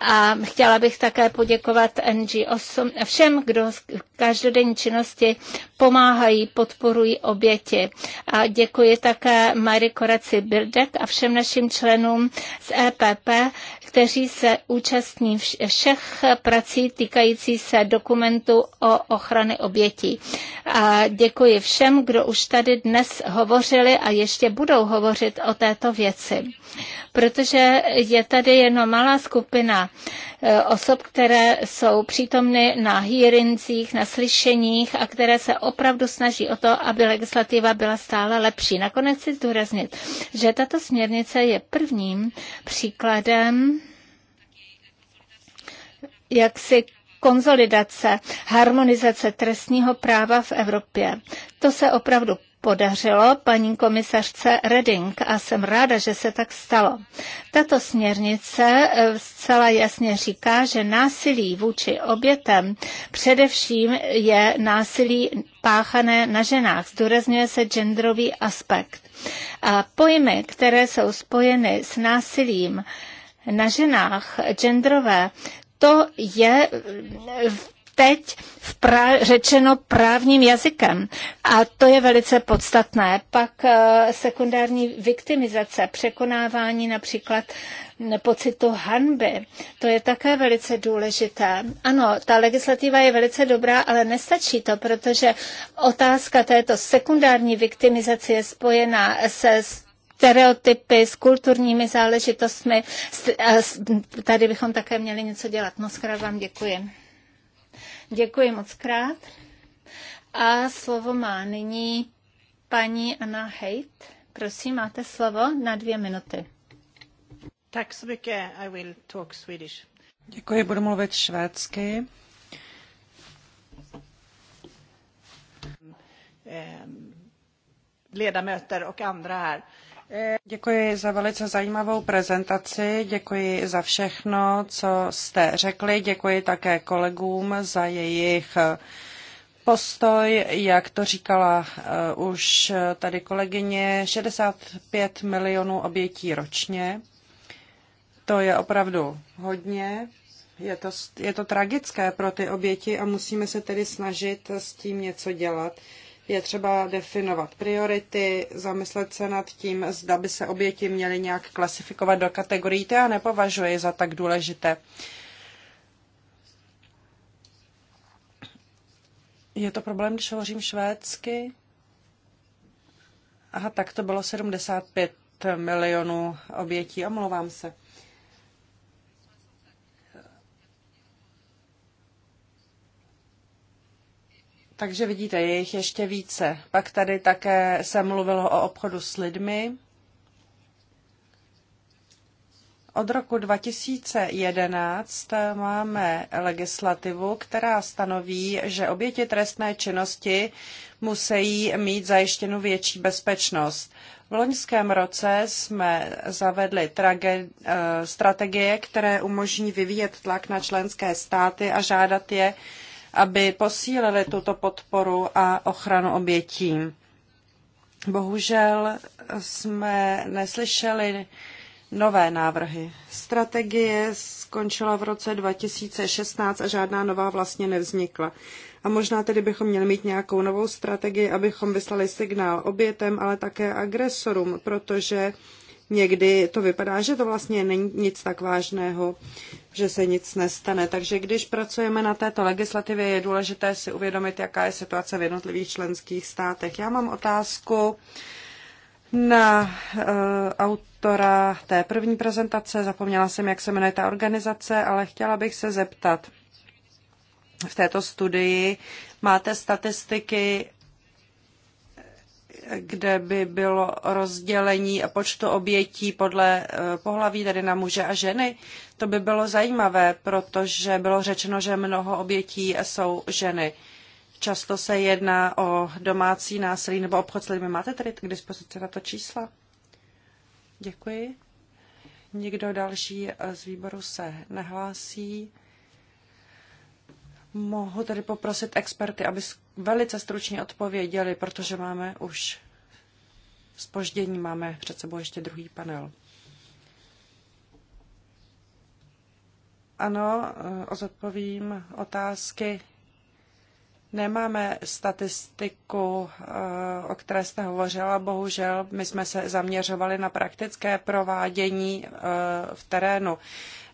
[SPEAKER 2] a chtěla bych také poděkovat NG8 všem, kdo v každodenní činnosti pomáhají, podporují oběti. A děkuji také Marie Koraci Birdek a všem našim členům z EPP, kteří se účastní všech prací týkající se dokumentu o ochrany obětí. A děkuji všem, kdo už tady dnes hovořili a ještě budou hovořit o této věci, protože je tady jenom malá skupina E, osob, které jsou přítomny na hearingsích, na slyšeních a které se opravdu snaží o to, aby legislativa byla stále lepší. Nakonec chci zdůraznit, že tato směrnice je prvním příkladem jaksi konzolidace, harmonizace trestního práva v Evropě. To se opravdu podařilo paní komisařce Reding a jsem ráda, že se tak stalo. Tato směrnice e, zcela jasně říká, že násilí vůči obětem především je násilí páchané na ženách. Zdůrazňuje se genderový aspekt. A pojmy, které jsou spojeny s násilím, na ženách genderové, to je eh, teď v pra, řečeno právním jazykem. A to je velice podstatné. Pak eh, sekundární viktimizace, překonávání například mm, pocitu hanby. To je také velice důležité. Ano, ta legislativa je velice dobrá, ale nestačí to, protože otázka této sekundární viktimizace je spojená se stereotypy, s kulturními záležitostmi. Tady bychom také měli něco dělat. Moc krát vám děkuji. Děkuji moc krát. A slovo má nyní paní Anna Hejt. Prosím, máte slovo na dvě minuty.
[SPEAKER 1] Tak så I will talk Swedish. Děkuji, budu mluvit švédsky. Ehm, Ledamöter och andra här. Děkuji za velice zajímavou prezentaci, děkuji za všechno, co jste řekli, děkuji také kolegům za jejich eh, postoj, jak to říkala eh, už tady kolegyně, 65 milionů obětí ročně. To je opravdu hodně. Je to, je to tragické pro ty oběti a musíme se tedy snažit s tím něco dělat. Je třeba definovat priority, zamyslet se nad tím, zda by se oběti měly nějak klasifikovat do kategorií. To já nepovažuji za tak důležité. Je to problém, když hovořím švédsky? Aha, tak to bylo 75 milionů obětí, omlouvám se. Takže vidíte, je jich ještě více. Pak tady také se mluvilo o obchodu s lidmi. Od roku 2011 máme legislativu, která stanoví, že oběti trestné činnosti musí mít zajištěnu větší bezpečnost. V loňském roce jsme zavedli trage, eh, strategie, které umožní vyvíjet tlak na členské státy a žádat je, aby posílili tuto podporu a ochranu obětí. Bohužel jsme neslyšeli nové návrhy. Strategie skončila v roce 2016 a žádná nová vlastně nevznikla. A možná tedy bychom měli mít nějakou novou strategii, abychom vyslali signál obětem, ale také agresorům, protože někdy to vypadá, že to vlastně není nic tak vážného, že se nic nestane. Takže když pracujeme na této legislativě, je důležité si uvědomit, jaká je situace v jednotlivých členských státech. Já mám otázku na uh, autora té první prezentace. Zapomněla jsem, jak se jmenuje ta organizace, ale chtěla bych se zeptat. V této studii máte statistiky kde by bylo rozdělení počtu obětí podle eh, pohlaví, tedy na muže a ženy. To by bylo zajímavé, protože bylo řečeno, že mnoho obětí jsou ženy. Často se jedná o domácí násilí nebo obchod s lidmi. Máte tedy k dispozici na to čísla? Děkuji. Nikdo další z výboru se nehlásí. Mohu tedy poprosit experty, aby velice stručně odpověděli, protože máme už spoždění, máme před sebou ještě druhý panel. Ano, eh, odpovím otázky Nemáme statistiku, eh, o které jste hovořila, bohužel. My jsme se zaměřovali na praktické provádění eh, v terénu.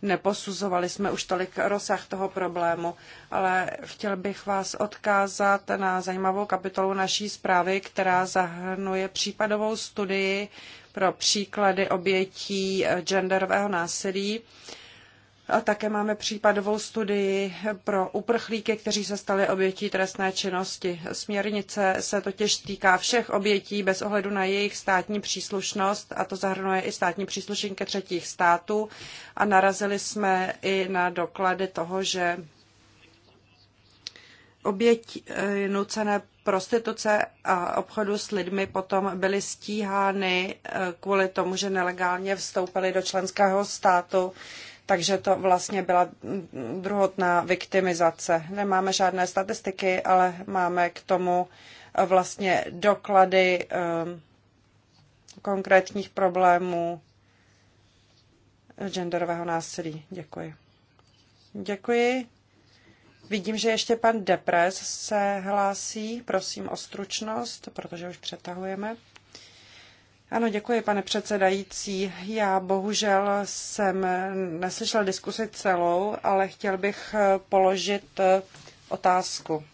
[SPEAKER 1] Neposuzovali jsme už tolik rozsah toho problému, ale chtěl bych vás odkázat na zajímavou kapitolu naší zprávy, která zahrnuje případovou studii pro příklady obětí eh, genderového násilí a také máme případovou studii pro uprchlíky, kteří se stali obětí trestné činnosti. Směrnice se totiž týká všech obětí bez ohledu na jejich státní příslušnost a to zahrnuje i státní příslušníky třetích států. A narazili jsme i na doklady toho, že oběť eh, nucené prostituce a obchodu s lidmi potom byly stíhány eh, kvůli tomu, že nelegálně vstoupili do členského státu takže to vlastně byla druhotná viktimizace. Nemáme žádné statistiky, ale máme k tomu eh, vlastně doklady eh, konkrétních problémů genderového násilí. Děkuji. Děkuji. Vidím, že ještě pan Depres se hlásí. Prosím o stručnost, protože už přetahujeme. Ano, děkuji, pane předsedající. Já bohužel jsem neslyšel diskusi celou, ale chtěl bych položit eh, otázku.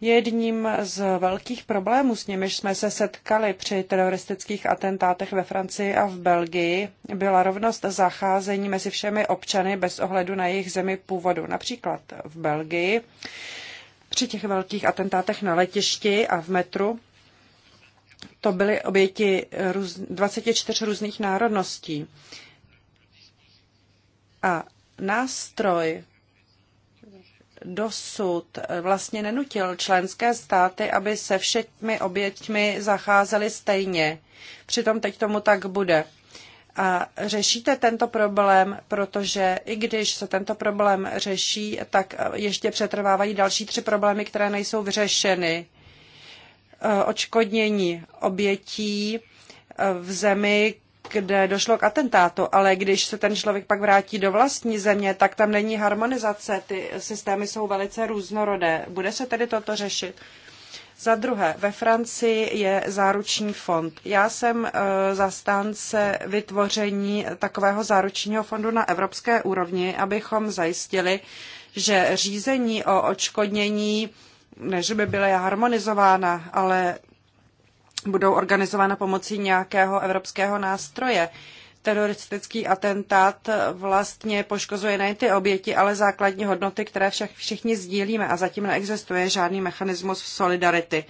[SPEAKER 1] Jedním z velkých problémů, s nimiž jsme se setkali při teroristických atentátech ve Francii a v Belgii, byla rovnost zacházení mezi všemi občany bez ohledu na jejich zemi původu. Například v Belgii při těch velkých atentátech na letišti a v metru to byly oběti 24 různých národností. A nástroj dosud vlastně nenutil členské státy, aby se všemi oběťmi zacházely stejně. Přitom teď tomu tak bude. A řešíte tento problém, protože i když se tento problém řeší, tak ještě přetrvávají další tři problémy, které nejsou vyřešeny. Eh, odškodnění obětí eh, v zemi, kde došlo k atentátu, ale když se ten člověk pak vrátí do vlastní země, tak tam není harmonizace, ty systémy jsou velice různorodé. Bude se tedy toto řešit? Za druhé, ve Francii je záruční fond. Já jsem eh, zastánce vytvoření takového záručního fondu na evropské úrovni, abychom zajistili, že řízení o odškodnění ne, že by byla harmonizována, ale budou organizována pomocí nějakého evropského nástroje. Teroristický atentát vlastně poškozuje nejen ty oběti, ale základní hodnoty, které však všichni sdílíme a zatím neexistuje žádný mechanismus solidarity.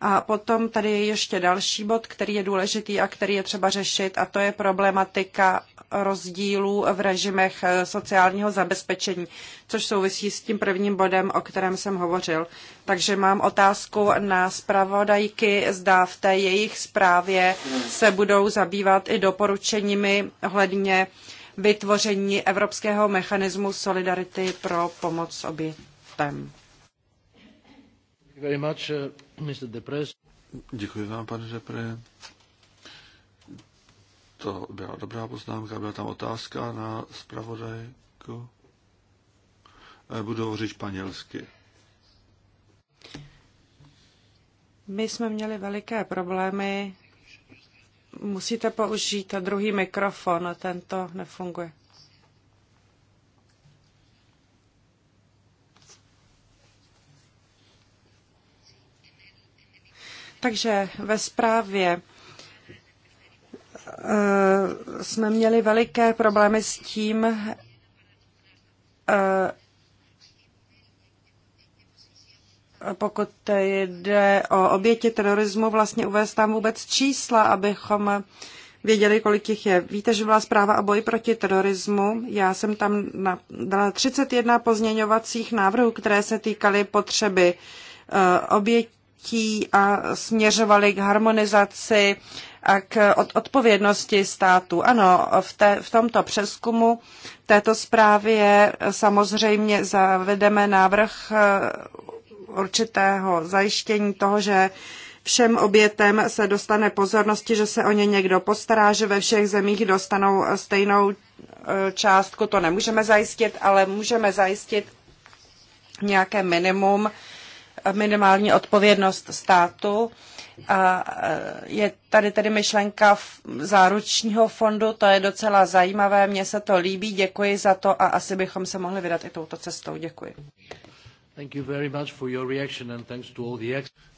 [SPEAKER 1] A potom tady je ještě další bod, který je důležitý a který je třeba řešit, a to je problematika rozdílů v režimech eh, sociálního zabezpečení, což souvisí s tím prvním bodem, o kterém jsem hovořil. Takže mám otázku na zpravodajky, zda v té jejich zprávě se budou zabývat i doporučeními ohledně vytvoření Evropského mechanismu solidarity pro pomoc obětem. Eh,
[SPEAKER 3] Děkuji vám, pane to byla dobrá poznámka, byla tam otázka na zpravodajku. Eh, budu hovořit španělsky.
[SPEAKER 1] My jsme měli veliké problémy. Musíte použít druhý mikrofon, tento nefunguje. Takže ve zprávě Eh, jsme měli veliké problémy s tím, eh, pokud jde o oběti terorismu, vlastně uvést tam vůbec čísla, abychom věděli, kolik jich je. Víte, že byla zpráva o boji proti terorismu. Já jsem tam dala 31 pozměňovacích návrhů, které se týkaly potřeby eh, obětí povinností a směřovaly k harmonizaci a k odpovědnosti státu. Ano, v, té, v tomto přeskumu této zprávě samozřejmě zavedeme návrh eh, určitého zajištění toho, že všem obětem se dostane pozornosti, že se o ně někdo postará, že ve všech zemích dostanou stejnou eh, částku. To nemůžeme zajistit, ale můžeme zajistit nějaké minimum minimální odpovědnost státu. A e, je tady tedy myšlenka záručního fondu, to je docela zajímavé, mně se to líbí, děkuji za to a asi bychom se mohli vydat i touto cestou. Děkuji.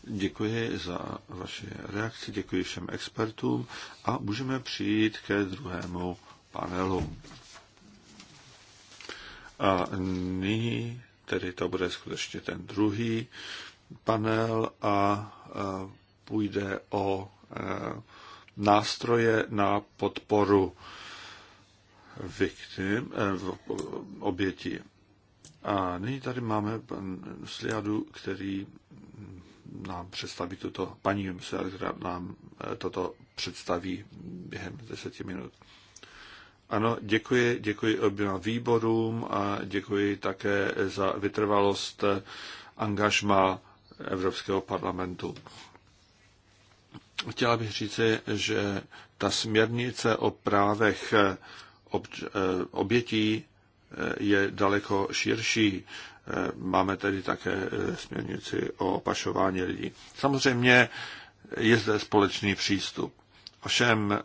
[SPEAKER 3] Děkuji za vaši reakci, děkuji všem expertům a můžeme přijít ke druhému panelu. A nyní tedy to bude skutečně ten druhý panel a půjde o e, nástroje na podporu victim, e, oběti. A nyní tady máme pan Sliadu, který nám představí tuto paní Sliadu, která nám e, toto představí během deseti minut. Ano, děkuji, děkuji oběma výborům a děkuji také za vytrvalost angažma Evropského parlamentu. Chtěla bych říci, že ta směrnice o právech eh, obětí eh, je daleko širší. Eh, máme tedy také směrnici o opašování lidí. Samozřejmě je zde společný přístup. Ovšem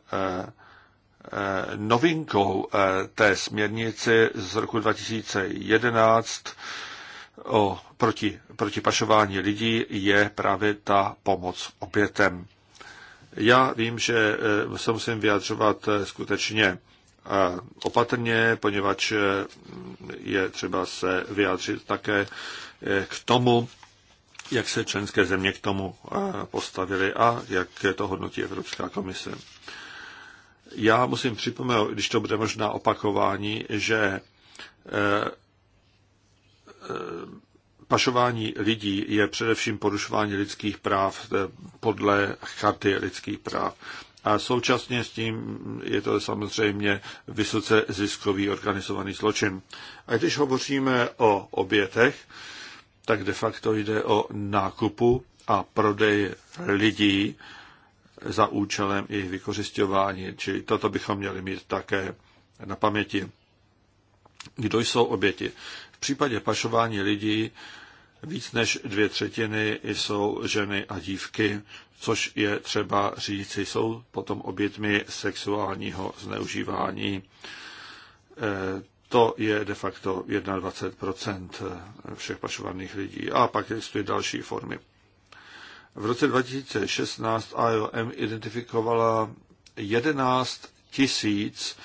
[SPEAKER 3] novinkou eh, té směrnice z roku 2011 o proti, proti pašování lidí je právě ta pomoc obětem. Já vím, že eh, se musím vyjadřovat eh, skutečně opatrně, poněvadž je třeba se vyjádřit také k tomu, jak se členské země k tomu postavily a jak to hodnotí Evropská komise. Já musím připomenout, když to bude možná opakování, že eh, eh, pašování lidí je především porušování lidských práv eh, podle charty lidských práv. A současně s tím je to samozřejmě vysoce ziskový organizovaný zločin. A když hovoříme o obětech, tak de facto jde o nákupu a prodej lidí za účelem jejich vykořišťování, čili toto bychom měli mít také na paměti. Kdo jsou oběti? V případě pašování lidí víc než dvě třetiny jsou ženy a dívky, což je třeba říci, jsou potom obětmi sexuálního zneužívání. E, to je de facto 21 všech pašovaných lidí. A pak existují další formy. V roce 2016 IOM identifikovala 11 tisíc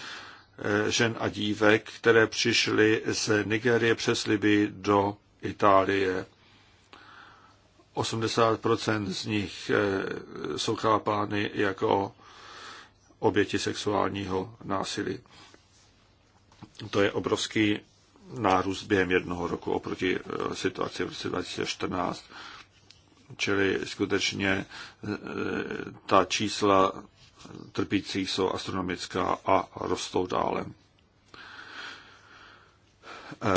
[SPEAKER 3] eh, žen a dívek, které přišly z Nigérie přes Liby do Itálie. 80% z nich eh, jsou chápány jako oběti sexuálního násilí. To je obrovský nárůst během jednoho roku oproti eh, situaci v roce 2014. Čili skutečně e, ta čísla trpících jsou astronomická a rostou dále. E,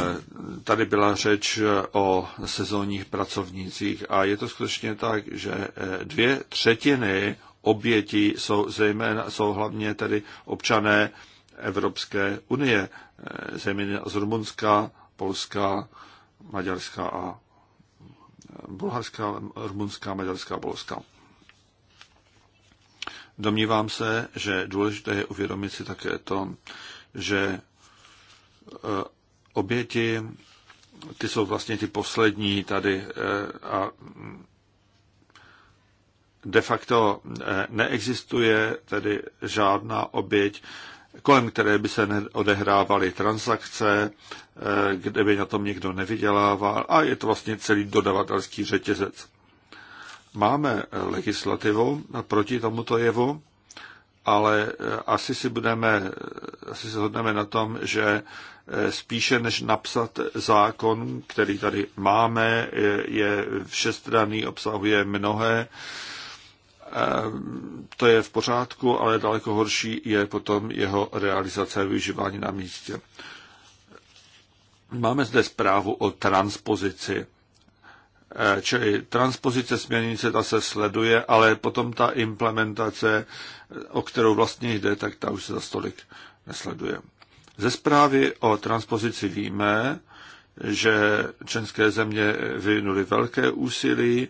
[SPEAKER 3] tady byla řeč o sezónních pracovnících a je to skutečně tak, že e, dvě třetiny obětí jsou, zejména, jsou hlavně tedy občané Evropské unie, zejména z Rumunska, Polska, Maďarska a Bulharská, Rumunská, Maďarská, polská. Domnívám se, že důležité je uvědomit si také to, že e, oběti, ty jsou vlastně ty poslední tady e, a de facto e, neexistuje tedy žádná oběť, kolem které by se odehrávaly transakce, eh, kde by na tom někdo nevydělával a je to vlastně celý dodavatelský řetězec. Máme legislativu proti tomuto jevu, ale eh, asi si budeme, asi se hodneme na tom, že eh, spíše než napsat zákon, který tady máme, je všestranný, obsahuje mnohé to je v pořádku, ale daleko horší je potom jeho realizace a využívání na místě. Máme zde zprávu o transpozici. Eh, čili transpozice směrnice ta se sleduje, ale potom ta implementace, eh, o kterou vlastně jde, tak ta už se za stolik nesleduje. Ze zprávy o transpozici víme, že české země vyvinuly velké úsilí,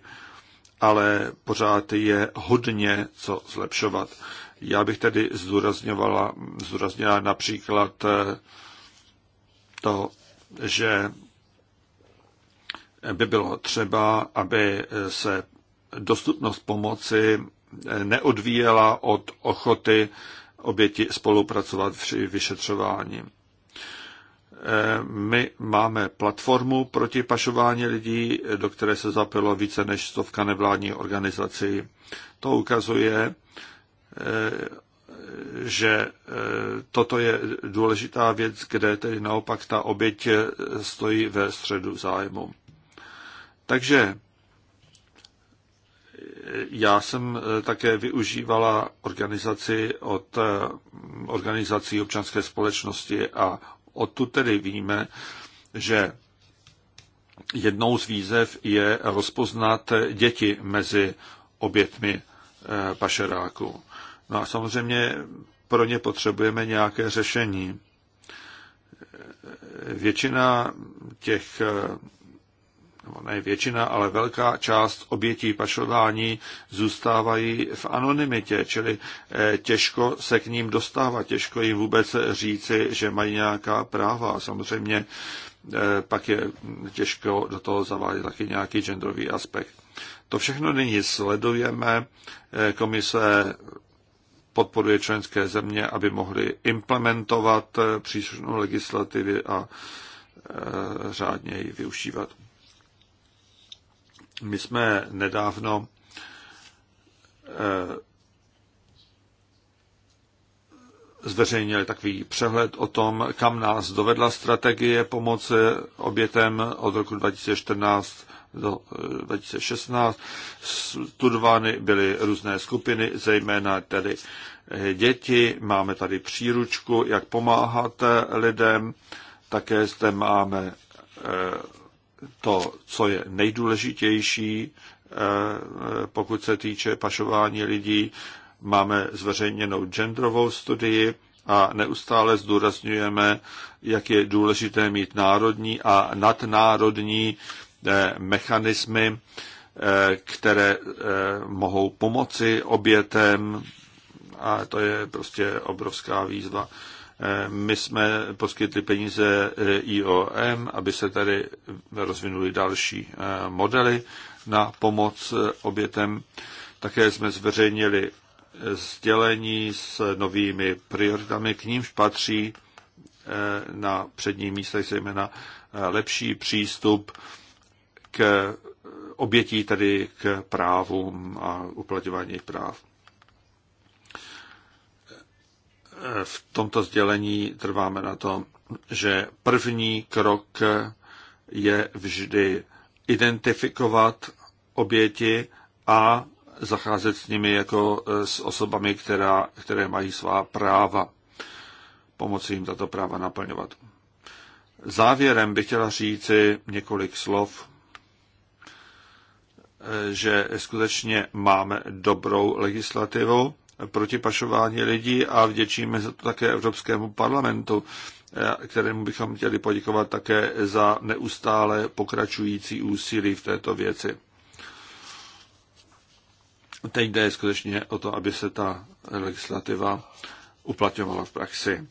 [SPEAKER 3] ale pořád je hodně co zlepšovat. Já bych tedy zdůrazňovala, zdůrazněla například eh, to, že by bylo třeba, aby se dostupnost pomoci neodvíjela od ochoty oběti spolupracovat při vyšetřování my máme platformu proti pašování lidí, do které se zapilo více než stovka nevládních organizací. To ukazuje, eh, že eh, toto je důležitá věc, kde tedy naopak ta oběť eh, stojí ve středu zájmu. Takže já jsem také využívala organizaci od organizací občanské společnosti a Odtud tedy víme, že jednou z výzev je rozpoznat děti mezi obětmi eh, pašeráků. No a samozřejmě pro ně potřebujeme nějaké řešení. Většina těch eh, nebo ne většina, ale velká část obětí pašování zůstávají v anonymitě, čili eh, těžko se k ním dostávat, těžko jim vůbec říci, že mají nějaká práva. Samozřejmě eh, pak je těžko do toho zavádět taky nějaký genderový aspekt. To všechno nyní sledujeme. Eh, komise podporuje členské země, aby mohly implementovat příslušnou legislativu a řádně ji využívat. My jsme nedávno eh, zveřejnili takový přehled o tom, kam nás dovedla strategie pomoci obětem od roku 2014 do 2016. Eh, Studovány byly různé skupiny, zejména tedy eh, děti. Máme tady příručku, jak pomáhat lidem. Také zde máme to, co je nejdůležitější, eh, pokud se týče pašování lidí, máme zveřejněnou genderovou studii a neustále zdůrazňujeme, jak je důležité mít národní a nadnárodní eh, mechanismy, eh, které mohou pomoci obětem a to je prostě obrovská výzva. My jsme poskytli peníze eh, IOM, aby se tady rozvinuly další eh, modely na pomoc eh, obětem. Také jsme zveřejnili sdělení s novými prioritami, k nímž patří na předním místě zejména lepší přístup k obětí, tedy k právům a uplatňování práv. v tomto sdělení trváme na tom, že první krok je vždy identifikovat oběti a zacházet s nimi jako e, s osobami, která, které mají svá práva. Pomoci jim tato práva naplňovat. Závěrem bych chtěla říci několik slov, e, že skutečně máme dobrou legislativu proti pašování lidí a vděčíme za to také Evropskému parlamentu, eh, kterému bychom chtěli poděkovat také za neustále pokračující úsilí v této věci. Teď jde skutečně o to, aby se ta legislativa uplatňovala v praxi.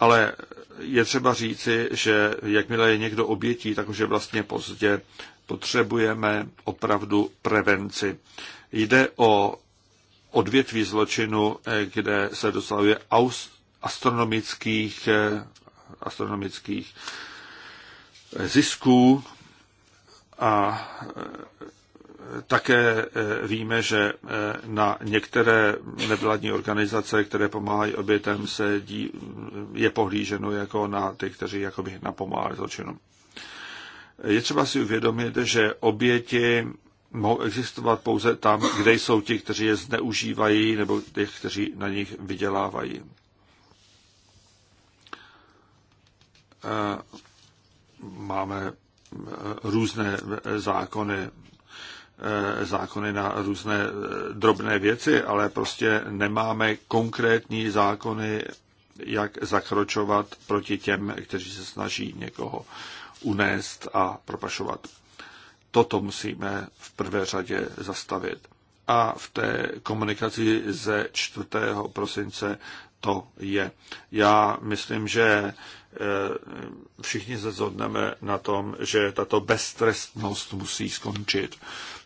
[SPEAKER 3] Ale je třeba říci, že jakmile je někdo obětí, tak už je vlastně pozdě. Potřebujeme opravdu prevenci. Jde o odvětví zločinu, eh, kde se dosahuje astronomických, eh, astronomických eh, zisků a také víme, že na některé nevládní organizace, které pomáhají obětem, se dí, je pohlíženo jako na ty, kteří jakoby napomáhali zločinu. Je třeba si uvědomit, že oběti mohou existovat pouze tam, kde jsou ti, kteří je zneužívají nebo ti, kteří na nich vydělávají. E, máme e, různé e, zákony, zákony na různé drobné věci, ale prostě nemáme konkrétní zákony, jak zakročovat proti těm, kteří se snaží někoho unést a propašovat toto musíme v prvé řadě zastavit. A v té komunikaci ze 4. prosince to je. Já myslím, že e, všichni se zhodneme na tom, že tato beztrestnost musí skončit.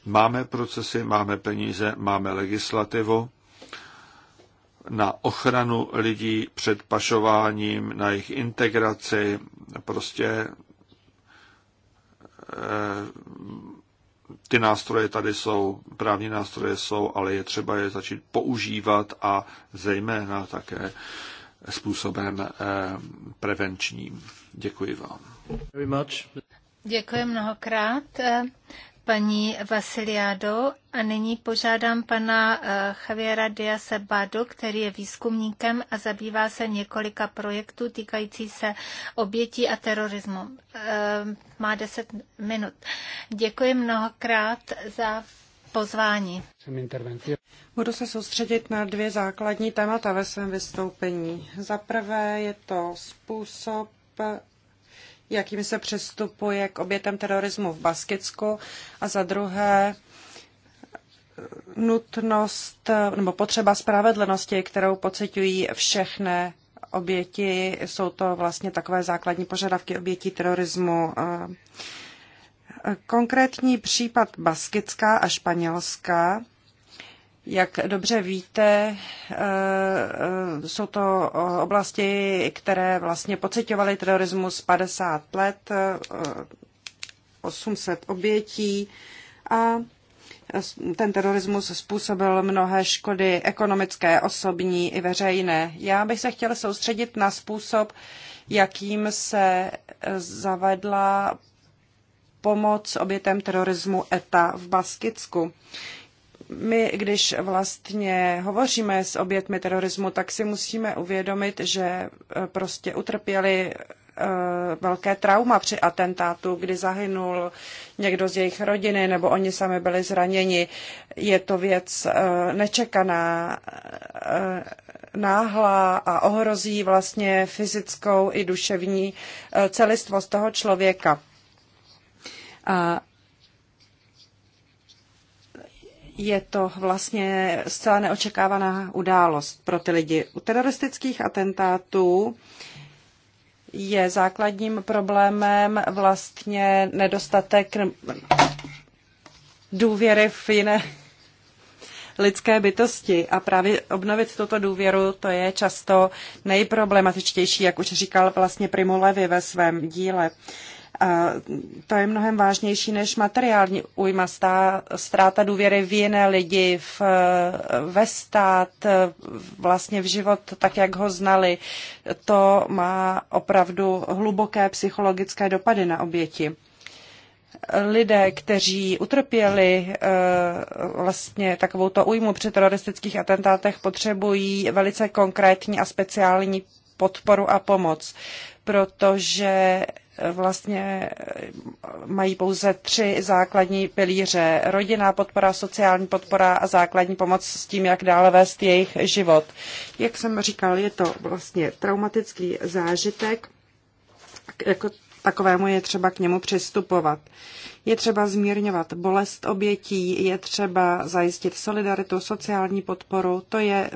[SPEAKER 3] Máme procesy, máme peníze, máme legislativu na ochranu lidí před pašováním, na jejich integraci. Prostě Eh, ty nástroje tady jsou, právní nástroje jsou, ale je třeba je začít používat a zejména také způsobem eh, prevenčním. Děkuji vám.
[SPEAKER 2] Děkuji mnohokrát paní Vasiliado a nyní požádám pana eh, Javiera Diase Badu, který je výzkumníkem a zabývá se několika projektů týkající se obětí a terorismu. Eh, má deset minut. Děkuji mnohokrát za
[SPEAKER 1] pozvání. Budu se soustředit na dvě základní témata ve svém vystoupení. Za prvé je to způsob, jakým se přistupuje k obětem terorismu v Baskicku a za druhé nutnost nebo potřeba spravedlnosti, kterou pocitují všechny oběti. Jsou to vlastně takové základní požadavky obětí terorismu. Konkrétní případ Baskická a Španělská jak dobře víte, eh, eh, jsou to oblasti, které vlastně pocitovaly terorismus 50 let, 800 eh, obětí a ten terorismus způsobil mnohé škody ekonomické, osobní i veřejné. Já bych se chtěla soustředit na způsob, jakým se zavedla pomoc obětem terorismu ETA v Baskicku my, když vlastně hovoříme s obětmi terorismu, tak si musíme uvědomit, že eh, prostě utrpěli eh, velké trauma při atentátu, kdy zahynul někdo z jejich rodiny nebo oni sami byli zraněni. Je to věc eh, nečekaná, náhlá a ohrozí vlastně fyzickou i duševní celistvost toho člověka. A je to vlastně zcela neočekávaná událost pro ty lidi. U teroristických atentátů je základním problémem vlastně nedostatek důvěry v jiné lidské bytosti a právě obnovit tuto důvěru, to je často nejproblematičtější, jak už říkal vlastně Primo Levi ve svém díle to je mnohem vážnější než materiální újma, stá, ztráta důvěry v jiné lidi, v, ve stát, vlastně v život tak, jak ho znali. To má opravdu hluboké psychologické dopady na oběti lidé, kteří utrpěli eh, vlastně takovou to újmu při teroristických atentátech, potřebují velice konkrétní a speciální podporu a pomoc, protože vlastně eh, mají pouze tři základní pilíře. Rodina, podpora, sociální podpora a základní pomoc s tím, jak dále vést jejich život. Jak jsem říkal, je to vlastně traumatický zážitek, jako takovému je třeba k němu přistupovat. Je třeba zmírňovat bolest obětí, je třeba zajistit solidaritu, sociální podporu, to je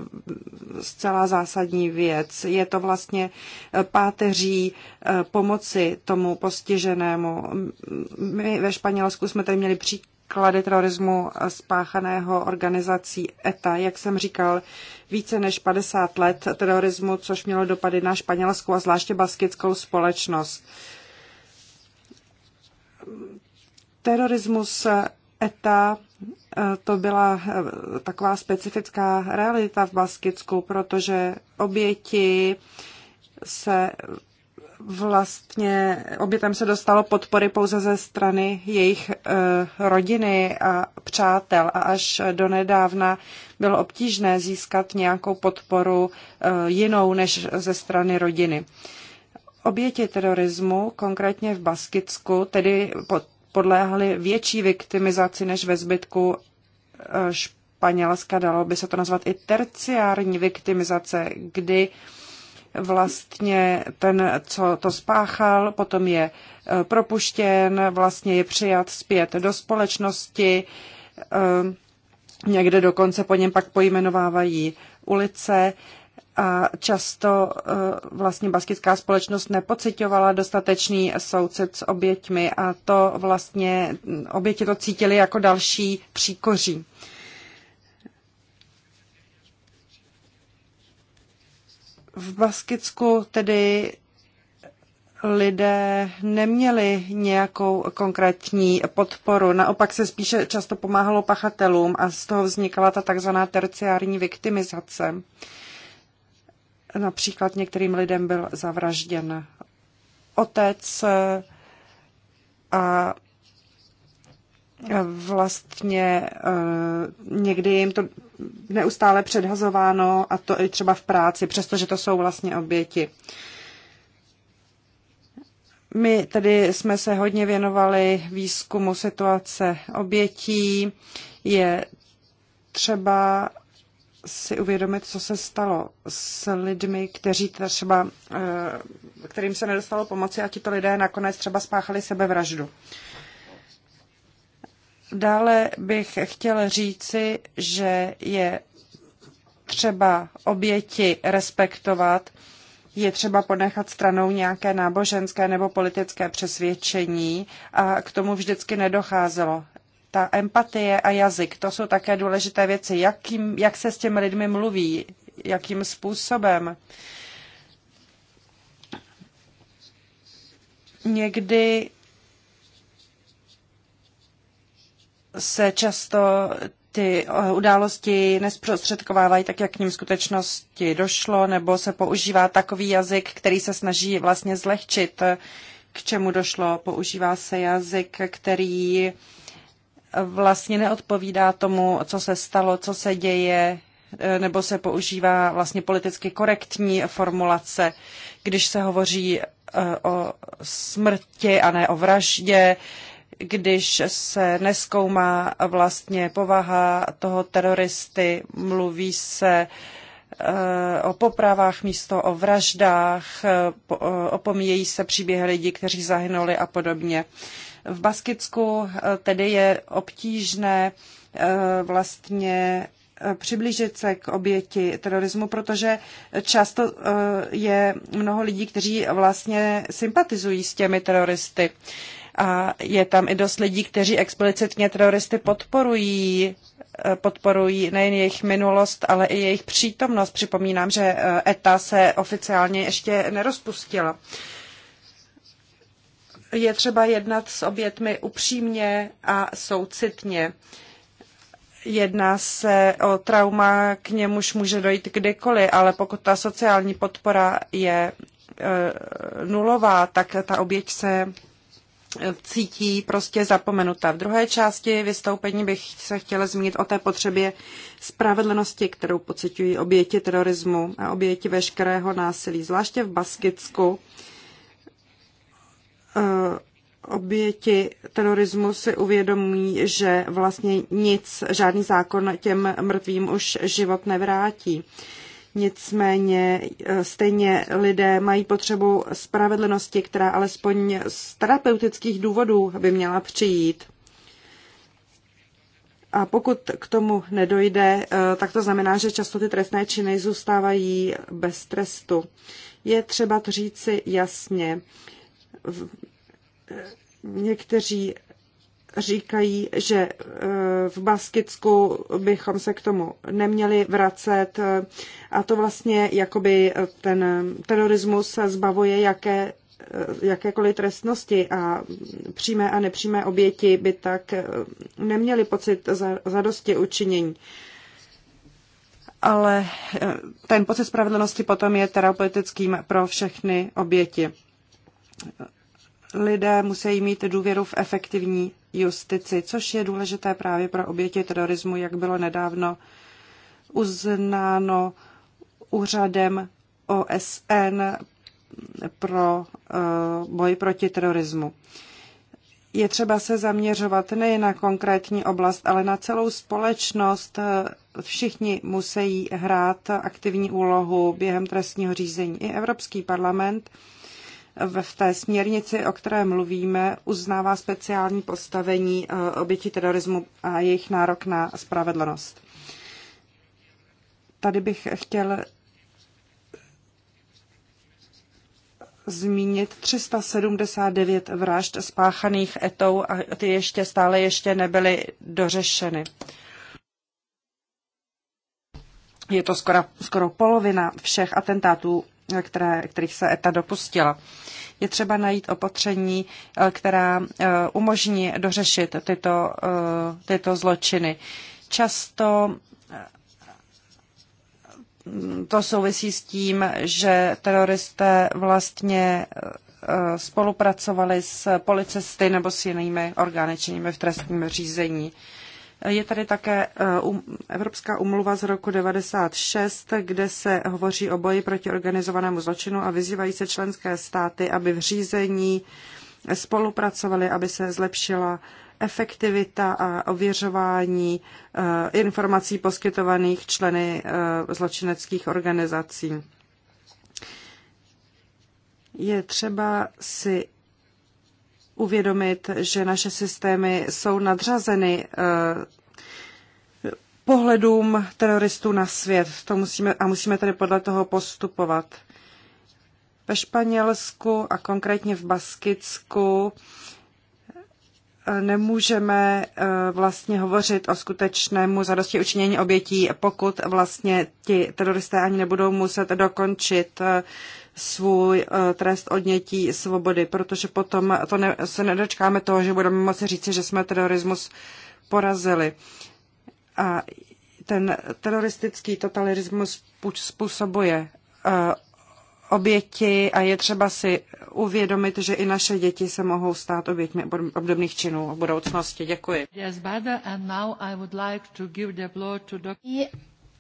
[SPEAKER 1] zcela zásadní věc. Je to vlastně páteří eh, pomoci tomu postiženému. My ve Španělsku jsme tady měli příklady terorismu spáchaného organizací ETA. Jak jsem říkal, více než 50 let terorismu, což mělo dopady na španělskou a zvláště baskickou společnost terorismus ETA to byla taková specifická realita v Baskicku, protože oběti se vlastně obětem se dostalo podpory pouze ze strany jejich eh, rodiny a přátel a až do nedávna bylo obtížné získat nějakou podporu eh, jinou než ze strany rodiny. Oběti terorismu, konkrétně v Baskicku, tedy podléhaly větší viktimizaci než ve zbytku e, Španělska. Dalo by se to nazvat i terciární viktimizace, kdy vlastně ten, co to spáchal, potom je e, propuštěn, vlastně je přijat zpět do společnosti, e, někde dokonce po něm pak pojmenovávají ulice a často e, vlastně baskická společnost nepocitovala dostatečný soucit s oběťmi a to vlastně oběti to cítili jako další příkoří. V Baskicku tedy lidé neměli nějakou konkrétní podporu. Naopak se spíše často pomáhalo pachatelům a z toho vznikala ta takzvaná terciární viktimizace. Uh, Například některým lidem byl zavražděn otec a vlastně eh, někdy jim to neustále předhazováno a to i třeba v práci, přestože to jsou vlastně oběti. My tedy jsme se hodně věnovali výzkumu situace obětí. Je třeba si uvědomit, co se stalo s lidmi, kteří třeba, eh, kterým se nedostalo pomoci a tito lidé nakonec třeba spáchali sebevraždu. Dále bych chtěl říci, že je třeba oběti respektovat, je třeba ponechat stranou nějaké náboženské nebo politické přesvědčení a k tomu vždycky nedocházelo ta empatie a jazyk, to jsou také důležité věci. Jakým, jak se s těmi lidmi mluví, jakým způsobem. Někdy se často ty eh, události nesprostředkovávají tak, jak k ním skutečnosti došlo, nebo se používá takový jazyk, který se snaží vlastně zlehčit, eh, k čemu došlo. Používá se jazyk, který vlastně neodpovídá tomu, co se stalo, co se děje, eh, nebo se používá vlastně politicky korektní formulace, když se hovoří eh, o smrti a ne o vraždě, když se neskoumá vlastně povaha toho teroristy, mluví se eh, o popravách místo o vraždách, opomíjejí se příběhy lidí, kteří zahynuli a podobně. V Baskicku eh, tedy je obtížné eh, vlastně eh, přiblížit se k oběti terorismu, protože často je mnoho lidí, kteří vlastně sympatizují s těmi teroristy. A je tam i dost lidí, kteří explicitně teroristy podporují, podporují nejen jejich minulost, ale i jejich přítomnost. Připomínám, že ETA se oficiálně ještě nerozpustila je třeba jednat s obětmi upřímně a soucitně. Jedná se o trauma, k němuž může dojít kdykoliv, ale pokud ta sociální podpora je e, nulová, tak ta oběť se e, cítí prostě zapomenuta. V druhé části vystoupení bych se chtěla zmínit o té potřebě spravedlnosti, kterou pocitují oběti terorismu a oběti veškerého násilí, zvláště v Baskicku Eh, oběti terorismu si uvědomí, že vlastně nic, žádný zákon těm mrtvým už život nevrátí. Nicméně eh, stejně lidé mají potřebu spravedlnosti, která alespoň z terapeutických důvodů by měla přijít. A pokud k tomu nedojde, eh, tak to znamená, že často ty trestné činy zůstávají bez trestu. Je třeba to říci jasně Někteří říkají, že e, v Baskicku bychom se k tomu neměli vracet e, a to vlastně jakoby ten terorismus zbavuje jaké e, jakékoliv trestnosti a přímé a nepřímé oběti by tak neměli pocit zadosti učinění. Ale ten pocit spravedlnosti potom je terapeutickým pro všechny oběti lidé musí mít důvěru v efektivní justici, což je důležité právě pro oběti terorismu, jak bylo nedávno uznáno úřadem OSN pro eh, boj proti terorismu. Je třeba se zaměřovat nejen na konkrétní oblast, ale na celou společnost. Všichni musí hrát aktivní úlohu během trestního řízení. I Evropský parlament v té směrnici, o které mluvíme, uznává speciální postavení eh, oběti terorismu a jejich nárok na spravedlnost. Tady bych chtěl zmínit 379 vražd spáchaných etou a ty ještě stále ještě nebyly dořešeny. Je to skoro, skoro polovina všech atentátů které, kterých se ETA dopustila. Je třeba najít opatření, eh, která eh, umožní dořešit tyto, eh, tyto zločiny. Často to souvisí s tím, že teroristé vlastně spolupracovali s policisty nebo s jinými orgány činnými v trestním řízení. Je tady také eh, um, Evropská umluva z roku 96, kde se hovoří o boji proti organizovanému zločinu a vyzývají se členské státy, aby v řízení spolupracovali, aby se zlepšila efektivita a ověřování eh, informací poskytovaných členy eh, zločineckých organizací. Je třeba si uvědomit, že naše systémy jsou nadřazeny eh, pohledům teroristů na svět. To musíme, a musíme tedy podle toho postupovat. Ve Španělsku a konkrétně v Baskicku eh, nemůžeme eh, vlastně hovořit o skutečnému zadosti učinění obětí, pokud vlastně ti teroristé ani nebudou muset dokončit svůj eh, trest odnětí svobody, protože potom to ne, se nedočkáme toho, že budeme moci říci, že jsme terorismus porazili. A ten teroristický totalitarismus způsobuje eh, oběti a je třeba si uvědomit, že i naše děti se mohou stát oběťmi obdobných činů v budoucnosti. Děkuji. Yes,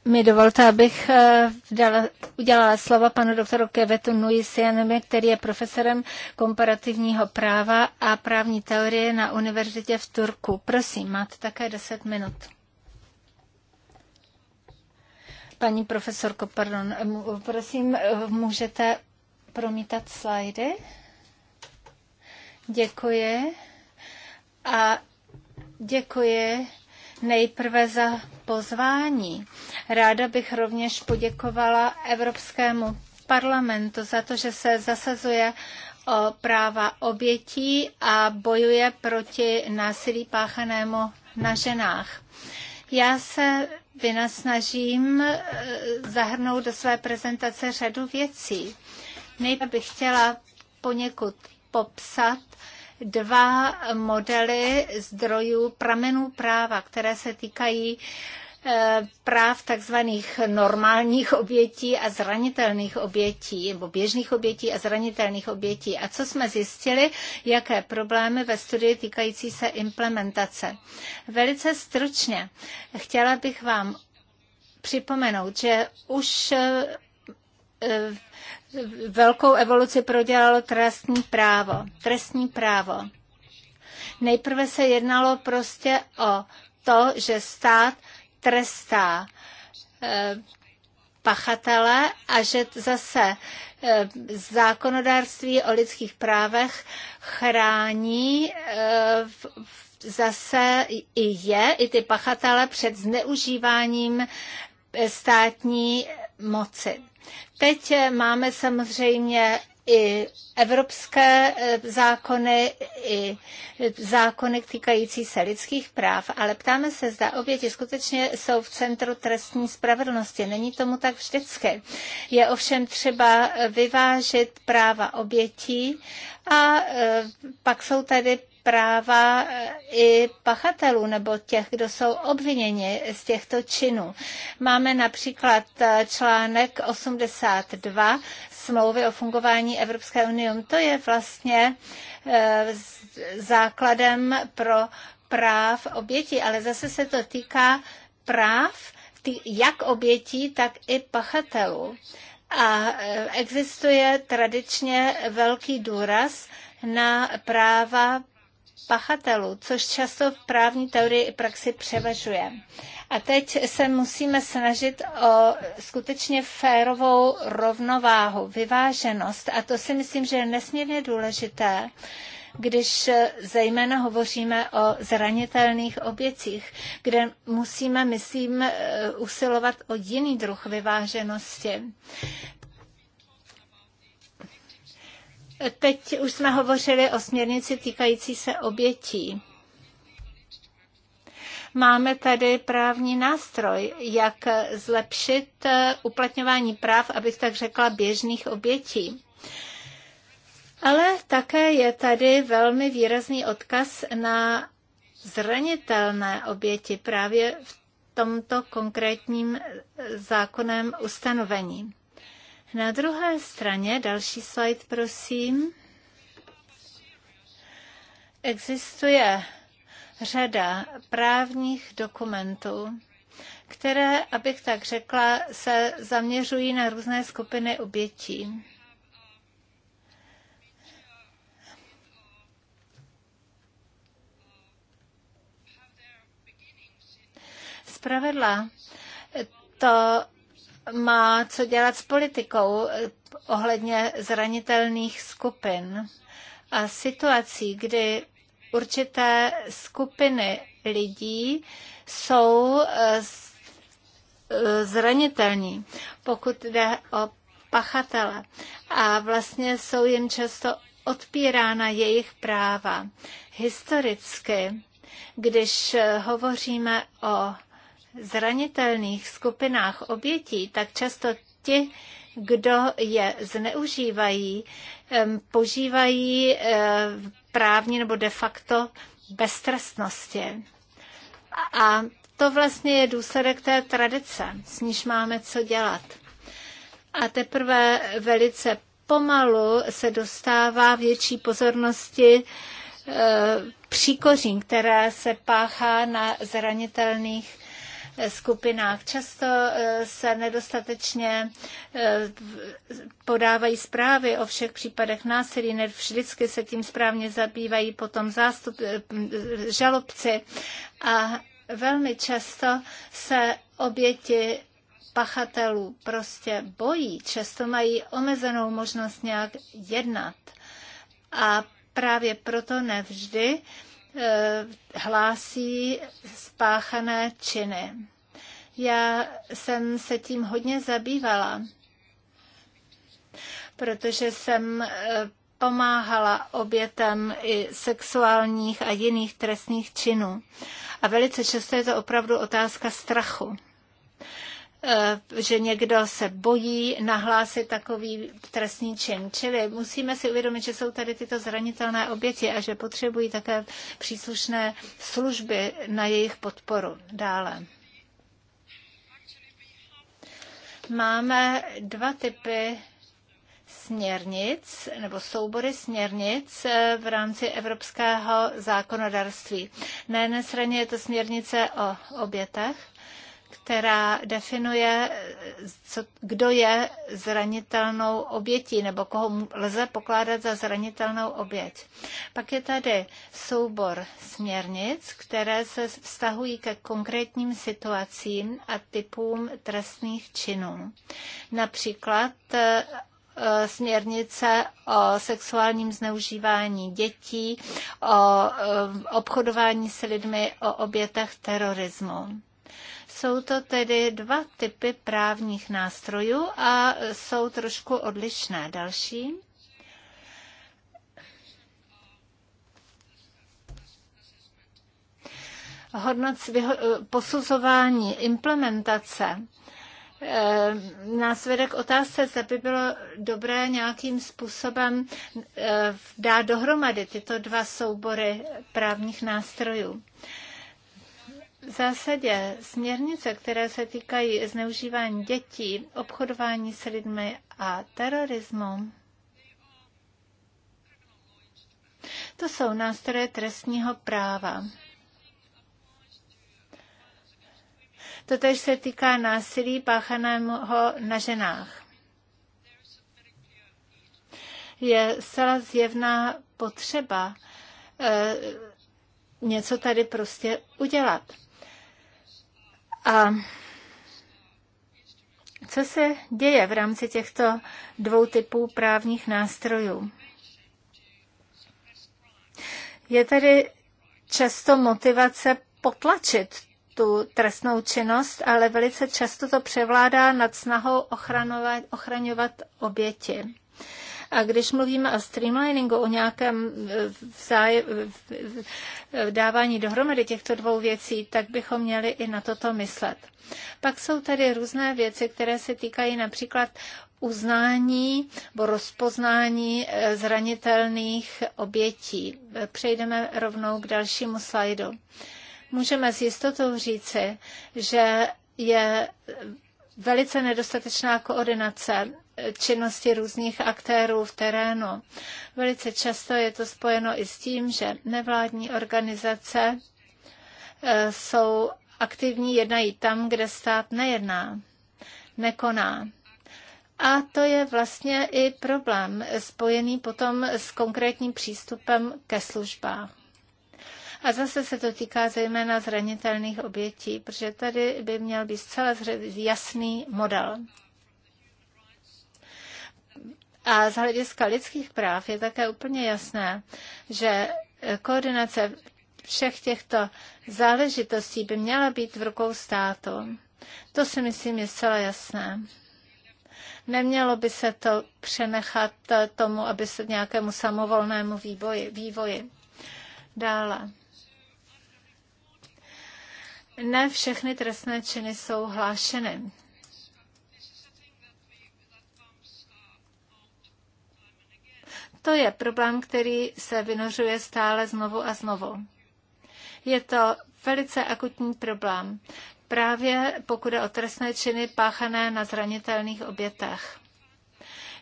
[SPEAKER 1] mi
[SPEAKER 2] dovolte, abych eh, dala, udělala slova panu doktoru Kevetu Nuisianemi, který je profesorem komparativního práva a právní teorie na univerzitě v Turku. Prosím, máte také 10 minut. Paní profesorko, pardon, prosím, můžete promítat slajdy? Děkuji. A děkuji nejprve za pozvání. Ráda bych rovněž poděkovala Evropskému parlamentu za to, že se zasazuje o práva obětí a bojuje proti násilí páchanému na ženách. Já se vynasnažím eh, zahrnout do své prezentace řadu věcí. Nejprve bych chtěla poněkud popsat, dva modely zdrojů pramenů práva, které se týkají eh, práv takzvaných normálních obětí a zranitelných obětí, nebo běžných obětí a zranitelných obětí. A co jsme zjistili, jaké problémy ve studii týkající se implementace. Velice stručně chtěla bych vám připomenout, že už eh, velkou evoluci prodělalo trestní právo. Trestní právo. Nejprve se jednalo prostě o to, že stát trestá eh, pachatele a že zase eh, zákonodárství o lidských právech chrání eh, zase i je, i ty pachatele před zneužíváním státní moci. Teď eh, máme samozřejmě i evropské eh, zákony, i zákony týkající se lidských práv, ale ptáme se, zda oběti skutečně jsou v centru trestní spravedlnosti. Není tomu tak vždycky. Je ovšem třeba vyvážit práva obětí a eh, pak jsou tady práva eh, i pachatelů nebo těch, kdo jsou obviněni z těchto činů. Máme například eh, článek 82 smlouvy o fungování Evropské unie. To je vlastně eh, základem pro práv obětí, ale zase se to týká práv jak obětí, tak i pachatelů. A existuje tradičně velký důraz na práva pachatelů, což často v právní teorii i praxi převažuje. A teď se musíme snažit o skutečně férovou rovnováhu, vyváženost. A to si myslím, že je nesmírně důležité, když zejména hovoříme o zranitelných obětích, kde musíme, myslím, usilovat o jiný druh vyváženosti. Teď už jsme hovořili o směrnici týkající se obětí. Máme tady právní nástroj, jak zlepšit eh, uplatňování práv, abych tak řekla, běžných obětí. Ale také je tady velmi výrazný odkaz na zranitelné oběti právě v tomto konkrétním eh, zákonném ustanovení. Na druhé straně, další slide prosím, existuje řada právních dokumentů, které, abych tak řekla, se zaměřují na různé skupiny obětí. Spravedla to má co dělat s politikou eh, ohledně zranitelných skupin a situací, kdy určité skupiny lidí jsou eh, eh, zranitelní, pokud jde o pachatele. A vlastně jsou jim často odpírána jejich práva. Historicky, když hovoříme o zranitelných skupinách obětí, tak často ti, kdo je zneužívají, požívají eh, právně nebo de facto beztrestnosti. A to vlastně je důsledek té tradice, s níž máme co dělat. A teprve velice pomalu se dostává větší pozornosti eh, příkořím, která se páchá na zranitelných skupinách. Často eh, se nedostatečně eh, podávají zprávy o všech případech násilí, ne vždycky se tím správně zabývají potom zástup, eh, žalobci a velmi často se oběti pachatelů prostě bojí, často mají omezenou možnost nějak jednat. A právě proto nevždy Eh, hlásí spáchané činy. Já jsem se tím hodně zabývala, protože jsem eh, pomáhala obětem i sexuálních a jiných trestných činů. A velice často je to opravdu otázka strachu. Eh, že někdo se bojí nahlásit takový trestní čin. Čili musíme si uvědomit, že jsou tady tyto zranitelné oběti a že potřebují také příslušné služby na jejich podporu dále. Máme dva typy směrnic nebo soubory směrnic eh, v rámci evropského zákonodárství. Na jedné straně je to směrnice o obětech která definuje, co, kdo je zranitelnou obětí nebo koho lze pokládat za zranitelnou oběť. Pak je tady soubor směrnic, které se vztahují ke konkrétním situacím a typům trestných činů. Například e, směrnice o sexuálním zneužívání dětí, o e, obchodování s lidmi, o obětech terorismu. Jsou to tedy dva typy právních nástrojů a jsou trošku odlišné. Další. Hodnoc eh, posuzování implementace eh, nás vede k otázce, zda by bylo dobré nějakým způsobem eh, dát dohromady tyto dva soubory právních nástrojů. V zásadě směrnice, které se týkají zneužívání dětí, obchodování s lidmi a terorismu, to jsou nástroje trestního práva. Totež se týká násilí páchaného na ženách. Je zcela zjevná potřeba e, něco tady prostě udělat. A co se děje v rámci těchto dvou typů právních nástrojů? Je tady často motivace potlačit tu trestnou činnost, ale velice často to převládá nad snahou ochranovat, ochraňovat oběti. A když mluvíme o streamliningu, o nějakém eh, dávání dohromady těchto dvou věcí, tak bychom měli i na toto myslet. Pak jsou tady různé věci, které se týkají například uznání nebo rozpoznání eh, zranitelných obětí. Přejdeme rovnou k dalšímu slajdu. Můžeme s jistotou říci, že je velice nedostatečná koordinace činnosti různých aktérů v terénu. Velice často je to spojeno i s tím, že nevládní organizace e, jsou aktivní, jednají tam, kde stát nejedná, nekoná. A to je vlastně i problém spojený potom s konkrétním přístupem ke službám. A zase se to týká zejména zranitelných obětí, protože tady by měl být zcela jasný model. A z hlediska lidských práv je také úplně jasné, že koordinace všech těchto záležitostí by měla být v rukou státu. To si myslím je zcela jasné. Nemělo by se to přenechat tomu, aby se nějakému samovolnému vývoji. vývoji. Dále. Ne všechny trestné činy jsou hlášeny To je problém, který se vynořuje stále znovu a znovu. Je to velice akutní problém, právě pokud je o trestné činy páchané na zranitelných obětech.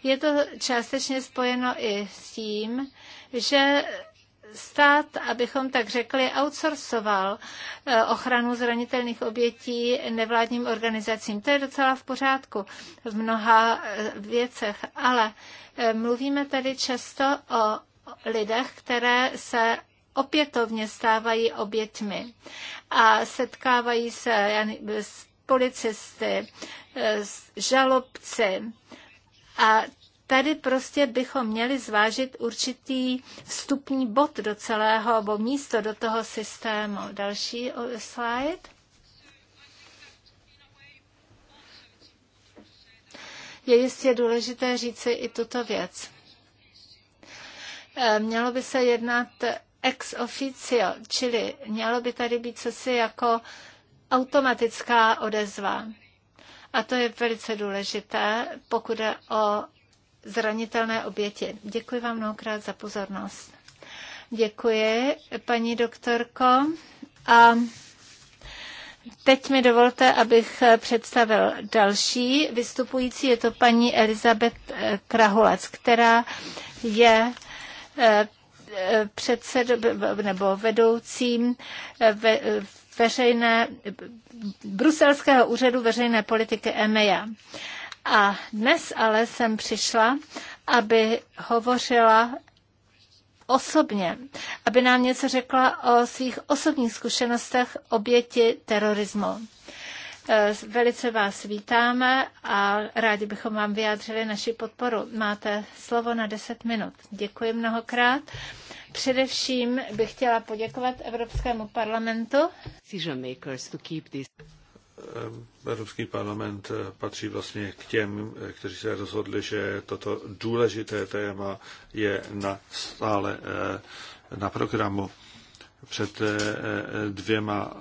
[SPEAKER 2] Je to částečně spojeno i s tím, že stát, abychom tak řekli, outsourcoval eh, ochranu zranitelných obětí nevládním organizacím. To je docela v pořádku v mnoha eh, věcech, ale eh, mluvíme tady často o lidech, které se opětovně stávají oběťmi a setkávají se s policisty, s žalobci, a Tady prostě bychom měli zvážit určitý vstupní bod do celého, nebo místo do toho systému. Další slide. Je jistě důležité říci i tuto věc. Eh, mělo by se jednat ex officio, čili mělo by tady být cosi jako automatická odezva. A to je velice důležité, pokud je o zranitelné oběti. Děkuji vám mnohokrát za pozornost. Děkuji, paní doktorko. A Teď mi dovolte, abych představil další vystupující. Je to paní Elizabeth eh, Krahulec, která je eh, eh, předsed, nebo vedoucím ve, veřejné, bruselského úřadu veřejné politiky EMEA. A dnes ale jsem přišla, aby hovořila osobně, aby nám něco řekla o svých osobních zkušenostech oběti terorismu. E, velice vás vítáme a rádi bychom vám vyjádřili naši podporu. Máte slovo na 10 minut. Děkuji mnohokrát. Především bych chtěla poděkovat Evropskému parlamentu
[SPEAKER 3] Eh, Evropský parlament eh, patří vlastně k těm, eh, kteří se rozhodli, že toto důležité téma je na stále na programu. Před dvěma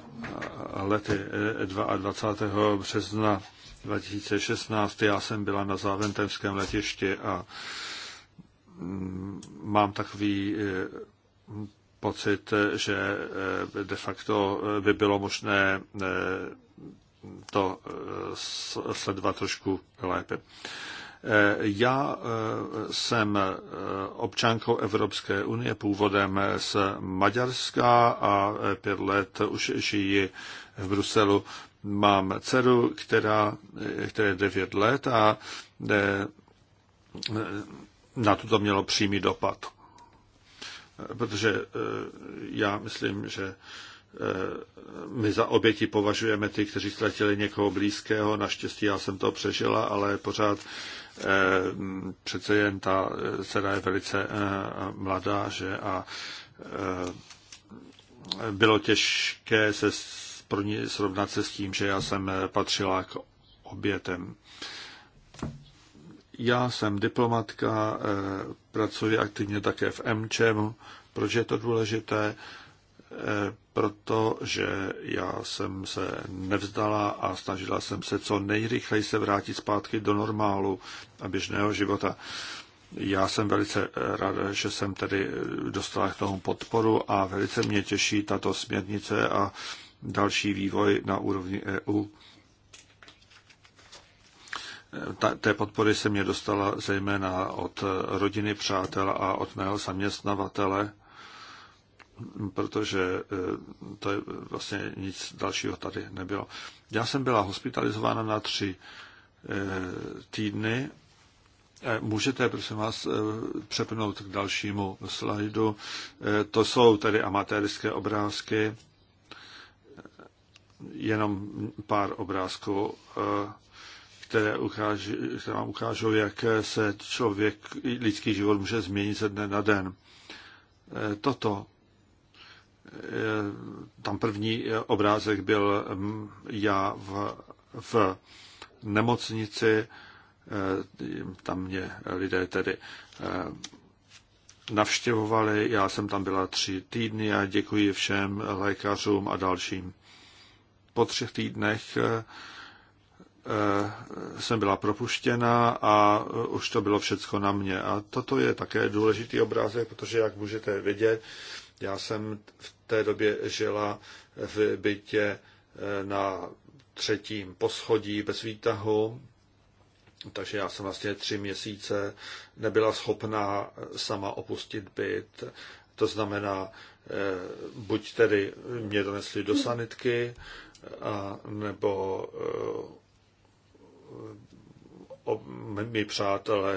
[SPEAKER 3] lety, 22. března 2016, já jsem byla na Záventemském letišti a mm, mám takový pocit, že de facto by bylo možné to eh, sledovat trošku lépe. Eh, já eh, jsem občankou Evropské unie původem z Maďarska a pět let už žijí v Bruselu. Mám dceru, která, která je devět let a na to to mělo přímý dopad. Protože já myslím, že Eh, my za oběti považujeme ty, kteří ztratili někoho blízkého. Naštěstí já jsem to přežila, ale pořád eh, přece jen ta dcera eh, je velice mladá, že a bylo těžké se pro ní srovnat se s tím, že já jsem patřila k obětem. Já jsem diplomatka, pracuji aktivně také v MČM. Proč je to důležité? protože já jsem se nevzdala a snažila jsem se co nejrychleji se vrátit zpátky do normálu a běžného života. Já jsem velice rád, že jsem tedy dostala k tomu podporu a velice mě těší tato směrnice a další vývoj na úrovni EU. Ta, té podpory se mě dostala zejména od rodiny, přátel a od mého zaměstnavatele protože e, to je vlastně nic dalšího tady nebylo. Já jsem byla hospitalizována na tři e, týdny. E, můžete, prosím vás, přepnout k dalšímu slajdu. To jsou tedy amatérské obrázky, jenom pár obrázků, které, ukáži, které vám ukážou, jak se člověk, lidský život může změnit ze dne na den. Toto Eh, tam první eh, obrázek byl mm, já v, v nemocnici, eh, tam mě lidé tedy navštěvovali. Já jsem tam byla tři týdny a děkuji všem lékařům a dalším. Po třech týdnech jsem byla propuštěna a už to bylo všecko na mě. A toto je také důležitý obrázek, protože jak můžete vidět, já jsem v té době žila v bytě eh, na třetím poschodí bez výtahu, takže já jsem vlastně tři měsíce nebyla schopná sama opustit byt. To znamená, eh, buď tedy mě donesli do sanitky, a, nebo eh, mi přátelé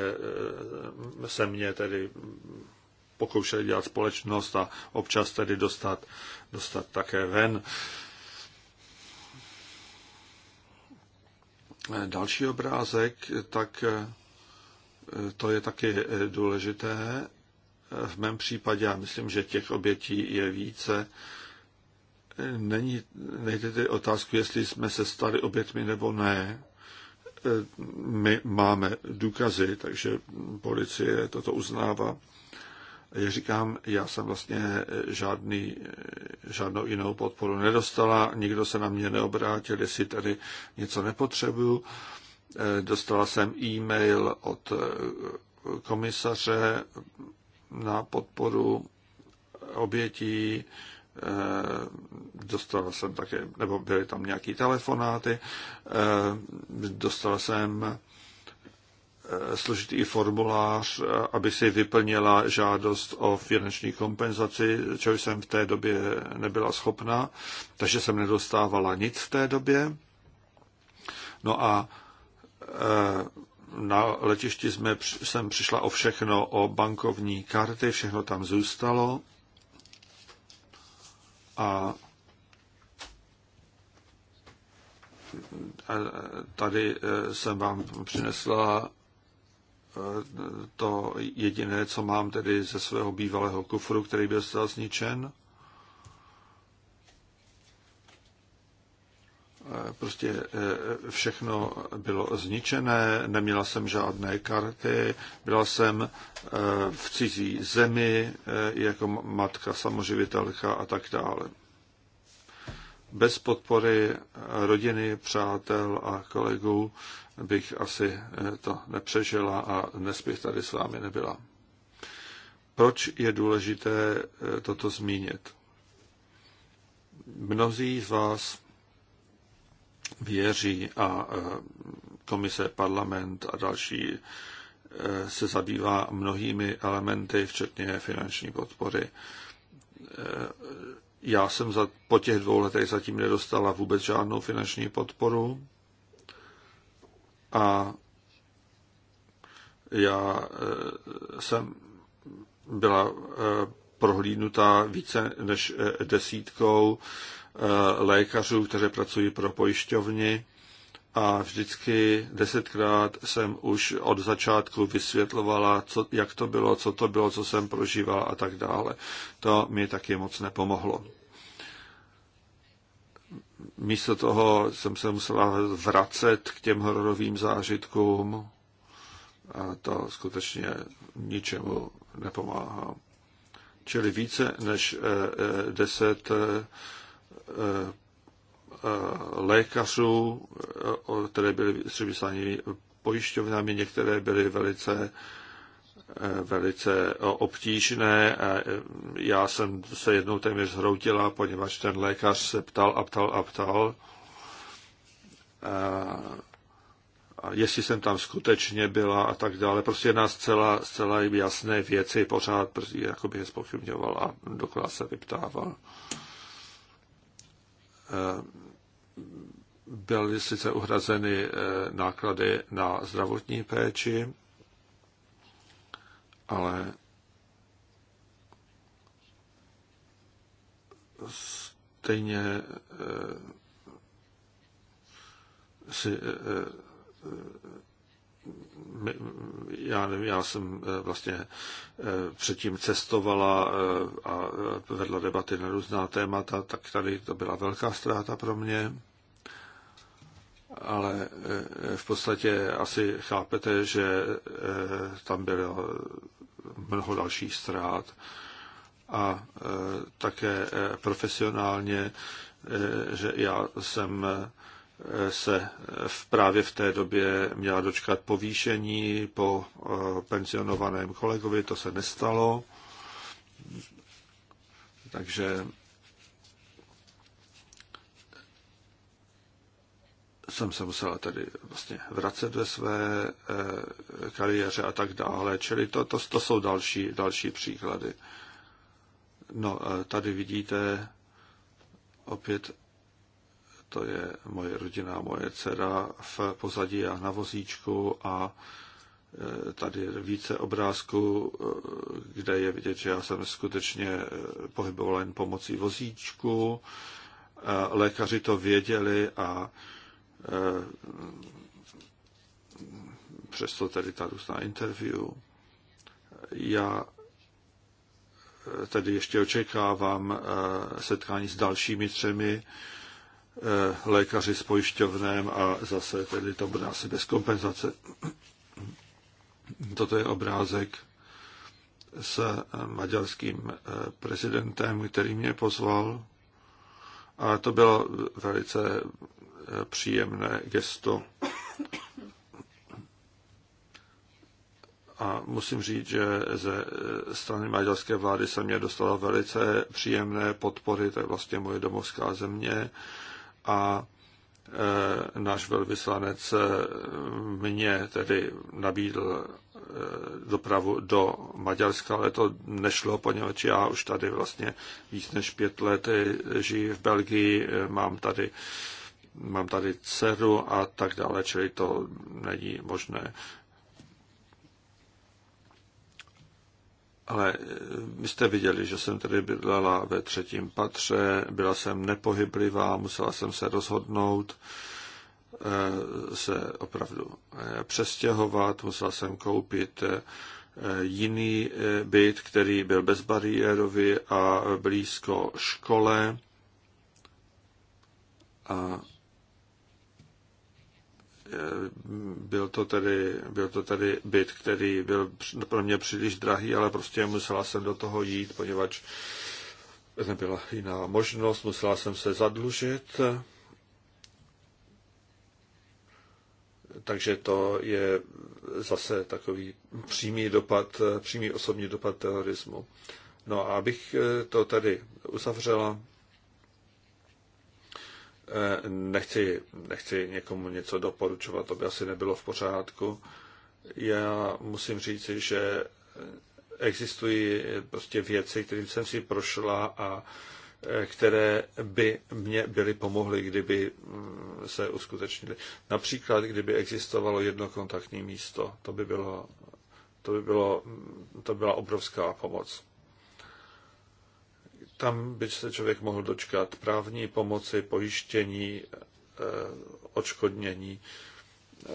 [SPEAKER 3] se mě tedy pokoušeli dělat společnost a občas tedy dostat, dostat také ven. Další obrázek, tak eh, to je taky eh, důležité. V mém případě, já myslím, že těch obětí je více, není, nejde tedy otázku, jestli jsme se stali obětmi nebo ne. Eh, my máme důkazy, takže policie toto uznává. Já říkám, já jsem vlastně e, žádný, e, žádnou jinou podporu nedostala, nikdo se na mě neobrátil, jestli tady něco nepotřebuju. E, dostala jsem e-mail od komisaře na podporu obětí, dostala jsem také, nebo byly tam nějaký telefonáty, dostala jsem složitý formulář, aby si vyplnila žádost o finanční kompenzaci, čeho jsem v té době nebyla schopna, takže jsem nedostávala nic v té době. No a eh, na letišti jsme, jsem přišla o všechno, o bankovní karty, všechno tam zůstalo. A eh, tady eh, jsem vám přinesla to jediné, co mám tedy ze svého bývalého kufru, který byl zcela zničen. Prostě eh, všechno bylo zničené, neměla jsem žádné karty, byla jsem eh, v cizí zemi eh, jako matka samoživitelka a tak dále. Bez podpory rodiny, přátel a kolegů bych asi eh, to nepřežila a dnes bych tady s vámi nebyla. Proč je důležité eh, toto zmínit? Mnozí z vás věří a eh, komise, parlament a další se zabývá mnohými elementy, včetně finanční podpory. Já jsem za, po těch dvou letech zatím nedostala vůbec žádnou finanční podporu a já eh, jsem byla eh, prohlídnuta více než eh, desítkou lékařů, kteří pracují pro pojišťovny a vždycky desetkrát jsem už od začátku vysvětlovala, co, jak to bylo, co to bylo, co jsem prožívala a tak dále. To mi taky moc nepomohlo. Místo toho jsem se musela vracet k těm hororovým zážitkům a to skutečně ničemu nepomáhá. Čili více než eh, eh, deset eh, Eh, lékařů, eh, které byly vysláni pojišťovnami, některé byly velice eh, velice obtížné. Já jsem se jednou téměř zhroutila, poněvadž ten lékař se ptal a ptal a ptal, a jestli jsem tam skutečně byla a tak dále. Prostě nás celá celá jasné věci pořád prostě jakoby je spochybňoval a dokola se vyptával byly sice uhrazeny eh, náklady na zdravotní péči, ale stejně eh, si eh, já nevím, já jsem vlastně předtím cestovala a vedla debaty na různá témata, tak tady to byla velká ztráta pro mě ale e, e, v podstatě asi chápete, že e, tam bylo mnoho dalších ztrát a také profesionálně, že já jsem se v, právě v té době měla dočkat povýšení po pensionovaném kolegovi, to se nestalo. Takže jsem se musela tady vlastně vracet ve své e, kariéře a tak dále. Čili to, to, to jsou další, další příklady. No, e, tady vidíte opět, to je moje rodina, moje dcera v pozadí a na vozíčku a e, tady je více obrázků, e, kde je vidět, že já jsem skutečně e, pohyboval jen pomocí vozíčku. E, lékaři to věděli a e, Eh, přesto tedy ta různá interview. Já eh, tedy ještě očekávám eh, setkání s dalšími třemi lékaři s pojišťovném a zase tedy to bude asi bez kompenzace. Toto je obrázek s maďarským prezidentem, který mě pozval. A to bylo velice příjemné gesto. A musím říct, že ze strany maďarské vlády se mě dostala velice příjemné podpory, to je vlastně moje domovská země. A e, náš velvyslanec e, mě tedy nabídl e, dopravu do Maďarska, ale to nešlo, poněvadž já už tady vlastně víc než pět let e, žiji v Belgii, mám tady mám tady dceru a tak dále, čili to není možné. Ale eh, vy jste viděli, že jsem tedy bydlela ve třetím patře, byla jsem nepohyblivá, musela jsem se rozhodnout eh, se opravdu eh, přestěhovat, musela jsem koupit jiný byt, který byl bezbariérový a blízko škole. A byl to, tedy, byl to tedy byt, který byl pro mě příliš drahý, ale prostě musela jsem do toho jít, poněvadž nebyla jiná možnost, musela jsem se zadlužit. Takže to je zase takový přímý dopad, přímý osobní dopad terorismu. No a abych to tady uzavřela, Eh, nechci, nechci někomu něco doporučovat, to by asi nebylo v pořádku. Já musím říct, že existují prostě věci, kterým jsem si prošla a eh, které by mě byly pomohly, kdyby mm, se uskutečnily. Například, kdyby existovalo jedno kontaktní místo, to by bylo, to by bylo, mm, to by byla obrovská pomoc. Tam by se člověk mohl dočkat právní pomoci, pojištění, eh, odškodnění.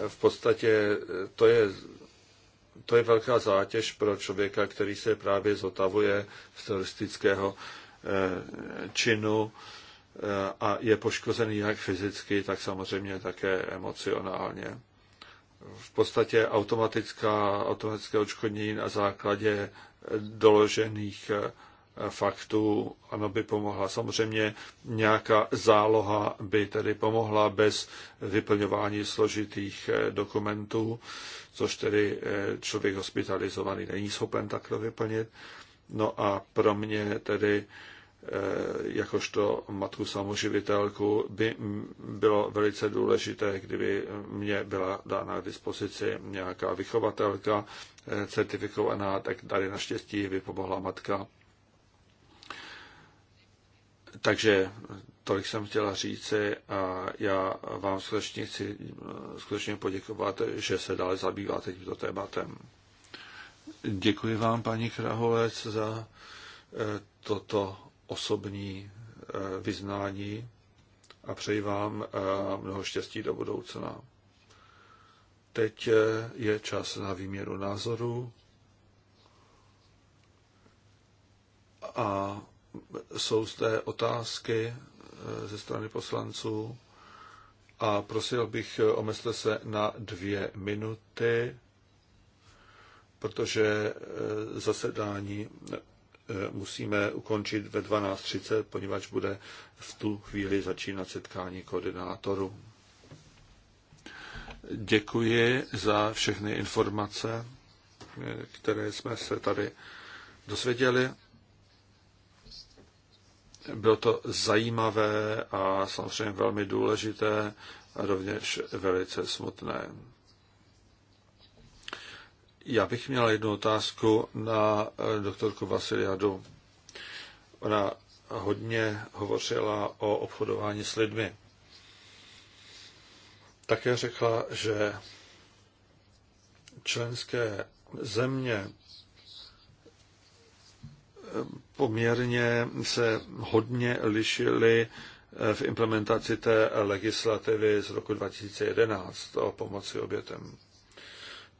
[SPEAKER 3] V podstatě eh, to je, to je velká zátěž pro člověka, který se právě zotavuje z teroristického eh, činu a je poškozený jak fyzicky, tak samozřejmě také emocionálně. V podstatě automatická, automatické odškodnění na základě doložených faktů, ano, by pomohla. Samozřejmě nějaká záloha by tedy pomohla bez vyplňování složitých eh, dokumentů, což tedy eh, člověk hospitalizovaný není schopen takto vyplnit. No a pro mě tedy eh, jakožto matku samoživitelku by bylo velice důležité, kdyby mě byla dána k dispozici nějaká vychovatelka certifikovaná, tak tady naštěstí by pomohla matka takže tolik jsem chtěla říci a já vám skutečně chci eh, skutečně poděkovat, že se dále zabýváte tímto tématem. Děkuji vám, paní Kraholec, za eh, toto osobní eh, vyznání a přeji vám mnoho štěstí do budoucna. Teď je čas na výměnu názorů a jsou zde otázky eh, ze strany poslanců a prosil bych, eh, omezte se na dvě minuty, protože eh, zasedání musíme ukončit ve 12.30, poněvadž bude v tu chvíli začínat setkání koordinátorů. Děkuji za všechny informace, které jsme se tady dosvěděli. Bylo to zajímavé a samozřejmě velmi důležité a rovněž velice smutné. Já bych měla jednu otázku na eh, doktorku Vasiliadu. Ona hodně hovořila o obchodování s lidmi. Také řekla, že členské země poměrně se hodně lišily v implementaci té legislativy z roku 2011 o pomoci obětem.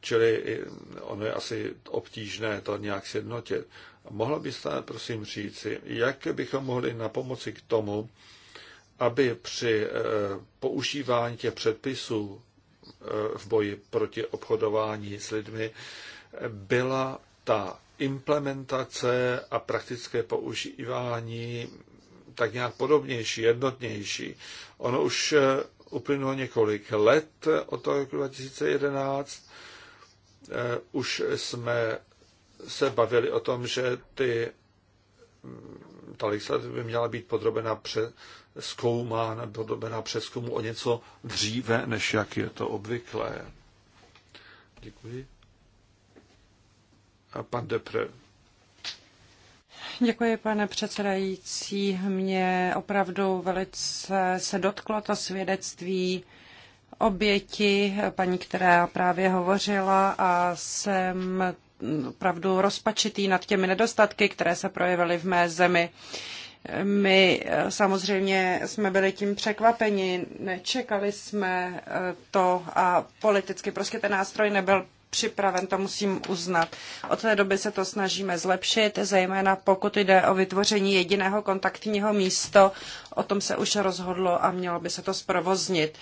[SPEAKER 3] Čili ono je asi obtížné to nějak sjednotit. Mohla byste, prosím, říci, jak bychom mohli na pomoci k tomu, aby při eh, používání těch předpisů eh, v boji proti obchodování s lidmi byla ta implementace a praktické používání tak nějak podobnější, jednotnější. Ono už eh, uplynulo několik let od toho roku 2011. Eh, už jsme se bavili o tom, že ty, mm, ta legislativa by měla být podrobena nebo podrobená přeskumu o něco dříve, než jak je to obvyklé. Děkuji pan Depre.
[SPEAKER 1] Děkuji, pane předsedající. Mě opravdu velice se dotklo to svědectví oběti, paní, která právě hovořila a jsem opravdu rozpačitý nad těmi nedostatky, které se projevily v mé zemi. My samozřejmě jsme byli tím překvapeni, nečekali jsme to a politicky prostě ten nástroj nebyl připraven, to musím uznat. Od té doby se to snažíme zlepšit, zejména pokud jde o vytvoření jediného kontaktního místa. O tom se už rozhodlo a mělo by se to zprovoznit.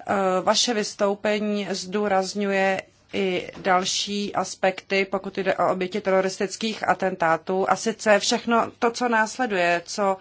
[SPEAKER 1] Eh, vaše vystoupení zdůrazňuje i další aspekty, pokud jde o oběti teroristických atentátů. A sice všechno to, co následuje, co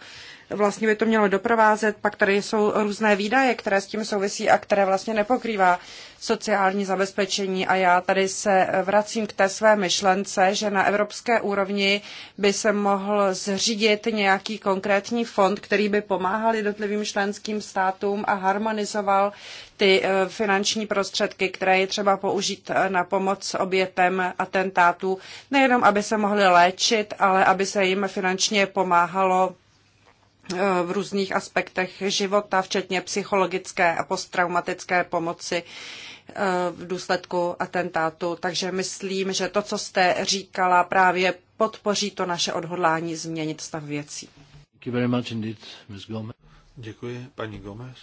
[SPEAKER 1] vlastně by to mělo doprovázet, pak tady jsou různé výdaje, které s tím souvisí a které vlastně nepokrývá sociální zabezpečení. A já tady se vracím k té své myšlence, že na evropské úrovni by se mohl zřídit nějaký konkrétní fond, který by pomáhal jednotlivým členským státům a harmonizoval ty eh, finanční prostředky, které je třeba použít eh, na pomoc obětem atentátů, nejenom aby se mohli léčit, ale aby se jim finančně pomáhalo eh, v různých aspektech života, včetně psychologické a posttraumatické pomoci v důsledku atentátu. Takže myslím, že to, co jste říkala, právě podpoří to naše odhodlání změnit stav věcí.
[SPEAKER 3] Děkuji, paní Gomez.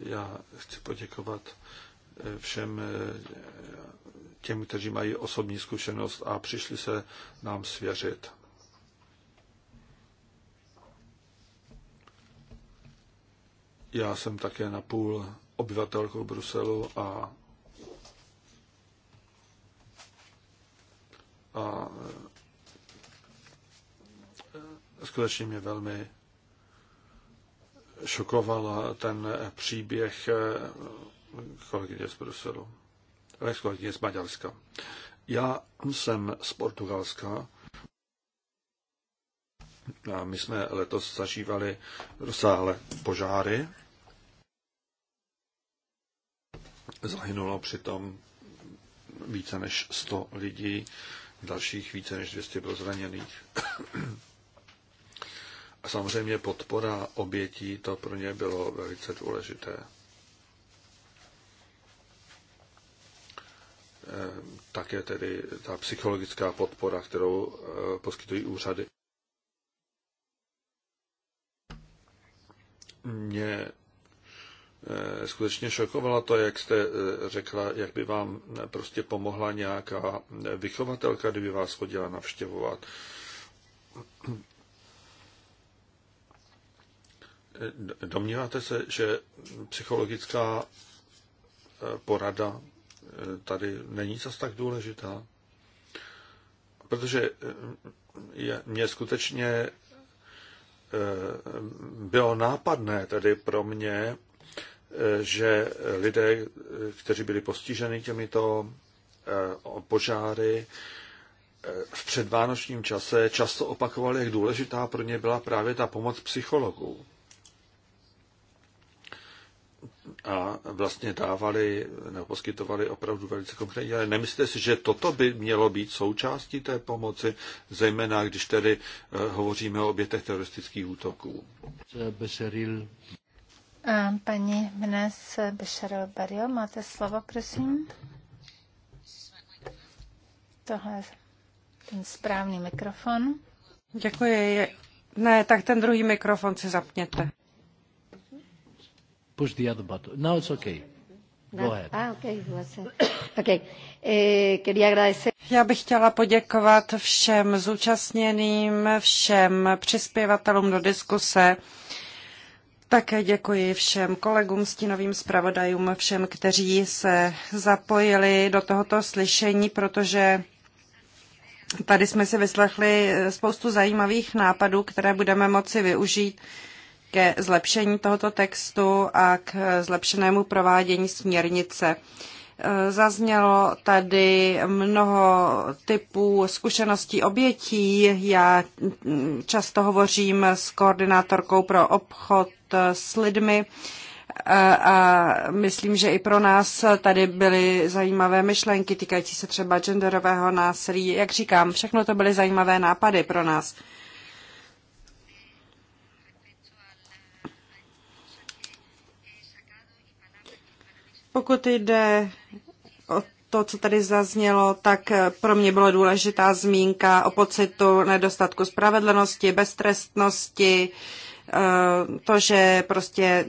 [SPEAKER 3] Já chci poděkovat eh, všem eh, těm, kteří mají osobní zkušenost a přišli se nám svěřit. Já jsem také napůl obyvatelkou Bruselu a, a e, skutečně mě velmi šokoval ten příběh e, kolegyně z Bruselu, z e, kolegyně z Maďarska. Já jsem z Portugalska a my jsme letos zažívali rozsáhlé požáry Zahynulo přitom více než 100 lidí, dalších více než 200 bylo zraněných. A samozřejmě podpora obětí, to pro ně bylo velice důležité. Ehm, Také tedy ta psychologická podpora, kterou eh, poskytují úřady. Mě Eh, skutečně šokovala to, jak jste eh, řekla, jak by vám eh, prostě pomohla nějaká vychovatelka, kdyby vás chodila navštěvovat. Domníváte se, že psychologická porada tady není zas tak důležitá? Protože je, mě skutečně bylo nápadné tedy pro mě že lidé, kteří byli postiženi těmito eh, požáry, eh, v předvánočním čase často opakovali, jak důležitá pro ně byla právě ta pomoc psychologů. A vlastně dávali, nebo poskytovali opravdu velice konkrétně. Ale nemyslíte si, že toto by mělo být součástí té pomoci, zejména když tedy eh, hovoříme o obětech teroristických útoků?
[SPEAKER 2] Eh, paní Mnes Bešarel Barrio, máte slovo, prosím. Tohle je ten
[SPEAKER 1] správný mikrofon. Děkuji. Ne, tak ten druhý mikrofon si zapněte. Push the other button. Now it's okay. Go no. ahead. Ah, okay. okay. Eh, Já bych chtěla poděkovat všem zúčastněným, všem přispěvatelům do diskuse. Také děkuji všem kolegům, stínovým zpravodajům, všem, kteří se zapojili do tohoto slyšení, protože tady jsme si vyslechli spoustu zajímavých nápadů, které budeme moci využít ke zlepšení tohoto textu a k zlepšenému provádění směrnice. Zaznělo tady mnoho typů zkušeností obětí. Já často hovořím s koordinátorkou pro obchod Eh, s lidmi. Eh, a myslím, že i pro nás tady byly zajímavé myšlenky týkající se třeba genderového násilí. Jak říkám, všechno to byly zajímavé nápady pro nás. Pokud jde o to, co tady zaznělo, tak pro mě byla důležitá zmínka o pocitu nedostatku spravedlnosti, beztrestnosti, uh, Eh, to, že prostě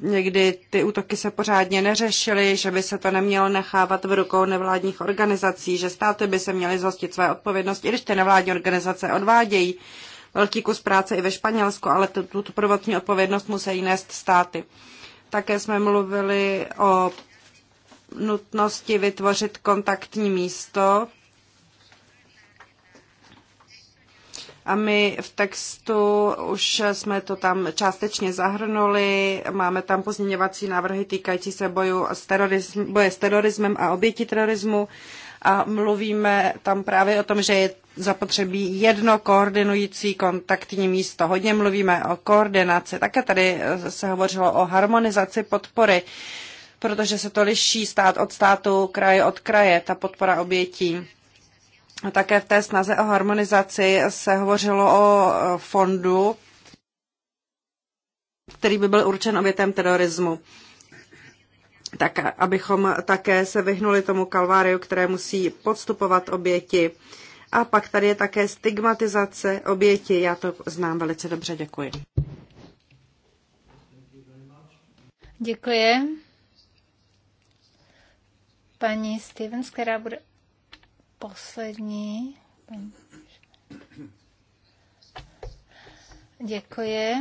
[SPEAKER 1] někdy ty útoky se pořádně neřešily, že by se to nemělo nechávat v rukou nevládních organizací, že státy by se měly zhostit své odpovědnosti, i když ty nevládní organizace odvádějí velký kus práce i ve Španělsku, ale tu, prvotní odpovědnost musí nést státy. Také jsme mluvili o nutnosti vytvořit kontaktní místo A my v textu už jsme to tam částečně zahrnuli, máme tam pozměňovací návrhy týkající se boju s terorism, boje s terorismem a oběti terorismu a mluvíme tam právě o tom, že je zapotřebí jedno koordinující kontaktní místo. Hodně mluvíme o koordinaci, také tady se hovořilo o harmonizaci podpory, protože se to liší stát od státu, kraje od kraje, ta podpora obětí. Také v té snaze o harmonizaci se hovořilo o e, fondu, který by byl určen obětem terorismu. Tak, abychom také se vyhnuli tomu kalváriu, které musí podstupovat oběti. A pak tady je také stigmatizace oběti. Já to znám velice dobře. Děkuji.
[SPEAKER 2] Děkuji. Paní Stevens, která bude poslední. Děkuji.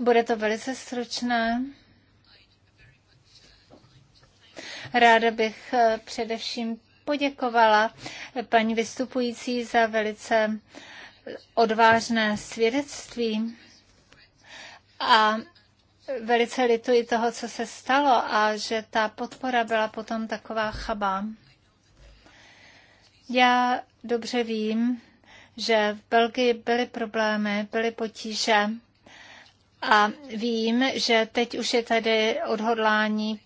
[SPEAKER 2] Bude to velice stručné. Ráda bych eh, především poděkovala eh, paní vystupující za velice eh, odvážné svědectví a velice lituji toho, co se stalo a že ta podpora byla potom taková chabá. Já dobře vím, že v Belgii byly problémy, byly potíže a vím, že teď už je tady odhodlání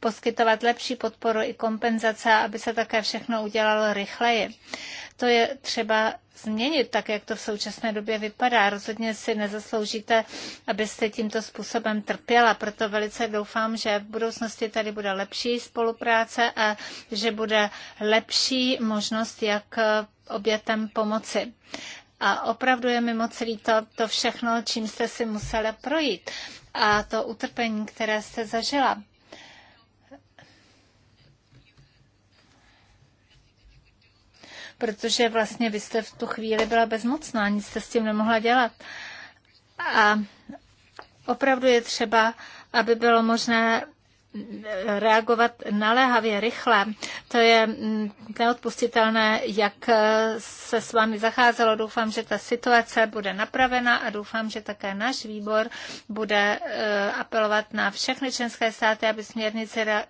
[SPEAKER 2] poskytovat lepší podporu i kompenzace, aby se také všechno udělalo rychleji. To je třeba změnit, tak jak to v současné době vypadá. Rozhodně si nezasloužíte, abyste tímto způsobem trpěla, proto velice doufám, že v budoucnosti tady bude lepší spolupráce a že bude lepší možnost, jak obětem pomoci. A opravdu je mi moc líto to všechno, čím jste si musela projít a to utrpení, které jste zažila. protože vlastně vy jste v tu chvíli byla bezmocná, nic jste s tím nemohla dělat. A opravdu je třeba, aby bylo možné reagovat naléhavě, rychle. To je mm, neodpustitelné, jak eh, se s vámi zacházelo. Doufám, že ta situace bude napravena a doufám, že také náš výbor bude eh, apelovat na všechny členské státy, aby směrnici eh,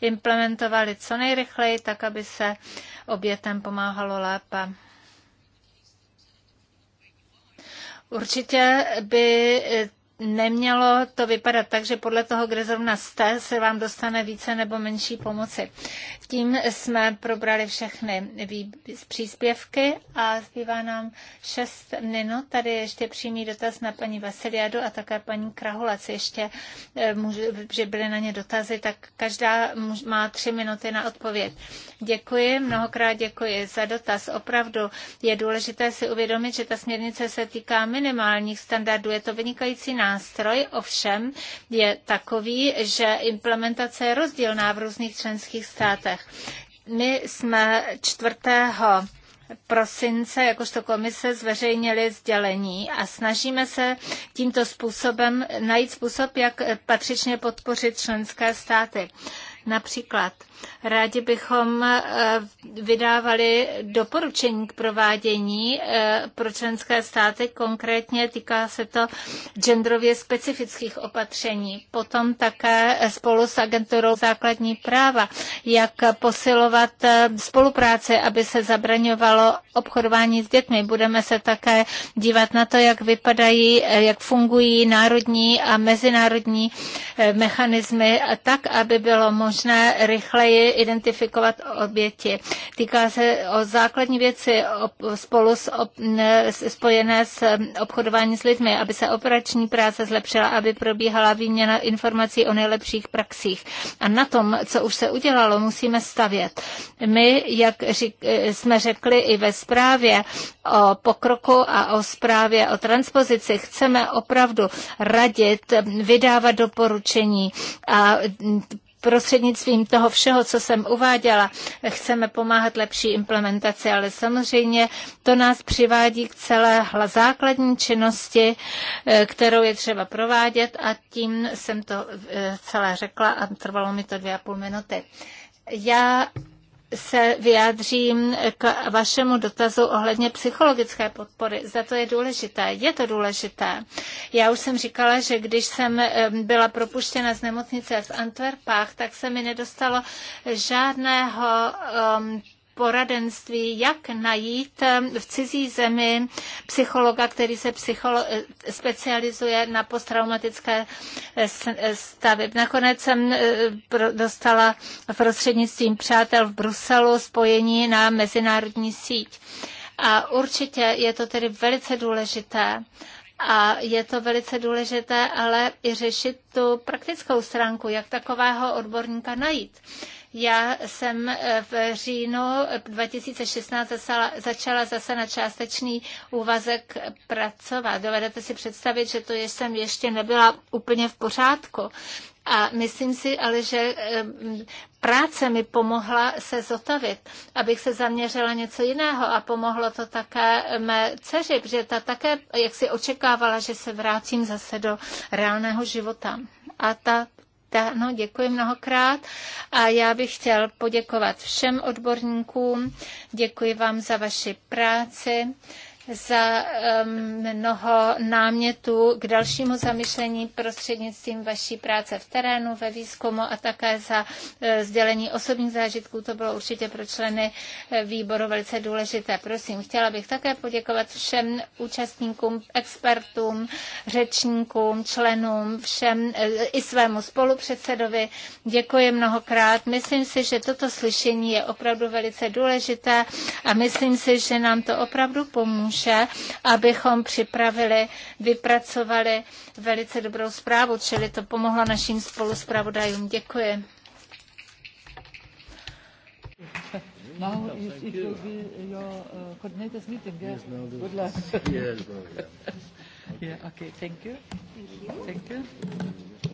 [SPEAKER 2] implementovali co nejrychleji, tak aby se obětem pomáhalo lépe. Určitě by nemělo to vypadat tak, že podle toho, kde zrovna jste, se vám dostane více nebo menší pomoci. Tím jsme probrali všechny příspěvky a zbývá nám šest minut. Tady ještě přímý dotaz na paní Vasiliadu a také paní Krahulac. Ještě, eh, že byly na ně dotazy, tak každá má tři minuty na odpověď. Děkuji, mnohokrát děkuji za dotaz. Opravdu je důležité si uvědomit, že ta směrnice se týká minimálních standardů. Je to vynikající nástroj ovšem je takový, že implementace je rozdílná v různých členských státech. My jsme 4 prosince jakožto komise zveřejnili sdělení a snažíme se tímto způsobem najít způsob, jak patřičně podpořit členské státy. Například Rádi bychom eh, vydávali doporučení k provádění eh, pro členské státy, konkrétně týká se to genderově specifických opatření. Potom také spolu s agenturou základní práva, jak posilovat eh, spolupráci, aby se zabraňovalo obchodování s dětmi. Budeme se také dívat na to, jak vypadají, jak fungují národní a mezinárodní mechanismy, tak, aby bylo možné rychle je identifikovat oběti. Týká se o základní věci spolu s, ob, spojené s obchodováním s lidmi, aby se operační práce zlepšila, aby probíhala výměna informací o nejlepších praxích. A na tom, co už se udělalo, musíme stavět. My, jak řík, e, jsme řekli i ve zprávě o pokroku a o zprávě o transpozici, chceme opravdu radit, vydávat doporučení a prostřednictvím toho všeho, co jsem uváděla, chceme pomáhat lepší implementaci, ale samozřejmě to nás přivádí k celé základní činnosti, eh, kterou je třeba provádět a tím jsem to eh, celé řekla a trvalo mi to dvě a půl minuty. Já se vyjádřím k vašemu dotazu ohledně psychologické podpory. Za to je důležité. Je to důležité. Já už jsem říkala, že když jsem byla propuštěna z nemocnice v Antwerpách, tak se mi nedostalo žádného um, poradenství, jak najít v cizí zemi psychologa, který se psycholo- eh, specializuje na posttraumatické eh, eh, stavy. Nakonec jsem dostala prostřednictvím přátel v Bruselu spojení na mezinárodní síť. A určitě je to tedy velice důležité, a je to velice důležité, ale i řešit tu praktickou stránku, jak takového odborníka najít. Já jsem eh, v říjnu 2016 začala zase na částečný úvazek pracovat. Dovedete si představit, že to jsem ještě nebyla úplně v pořádku. A myslím si ale, že práce mi pomohla se zotavit, abych se zaměřila něco jiného a pomohlo to také mé dceři, protože ta také, jak si očekávala, že se vrátím zase do reálného života. A ta no, děkuji mnohokrát a já bych chtěl poděkovat všem odborníkům. Děkuji vám za vaši práci za mnoho námětů k dalšímu zamyšlení prostřednictvím vaší práce v terénu, ve výzkumu a také za e, sdělení osobních zážitků. To bylo určitě pro členy e, výboru velice důležité. Prosím, chtěla bych také poděkovat všem účastníkům, expertům, řečníkům, členům, všem e, i svému spolupředsedovi. Děkuji mnohokrát. Myslím si, že toto slyšení je opravdu velice důležité a myslím si, že nám to opravdu pomůže mše, abychom připravili, vypracovali velice dobrou zprávu, čili to pomohlo našim spoluzpravodajům. Děkuji. Now it will be your uh, coordinators meeting. Yeah. Yes, Good luck. yes, yeah. yeah. Okay. Thank you. Thank you. Thank you.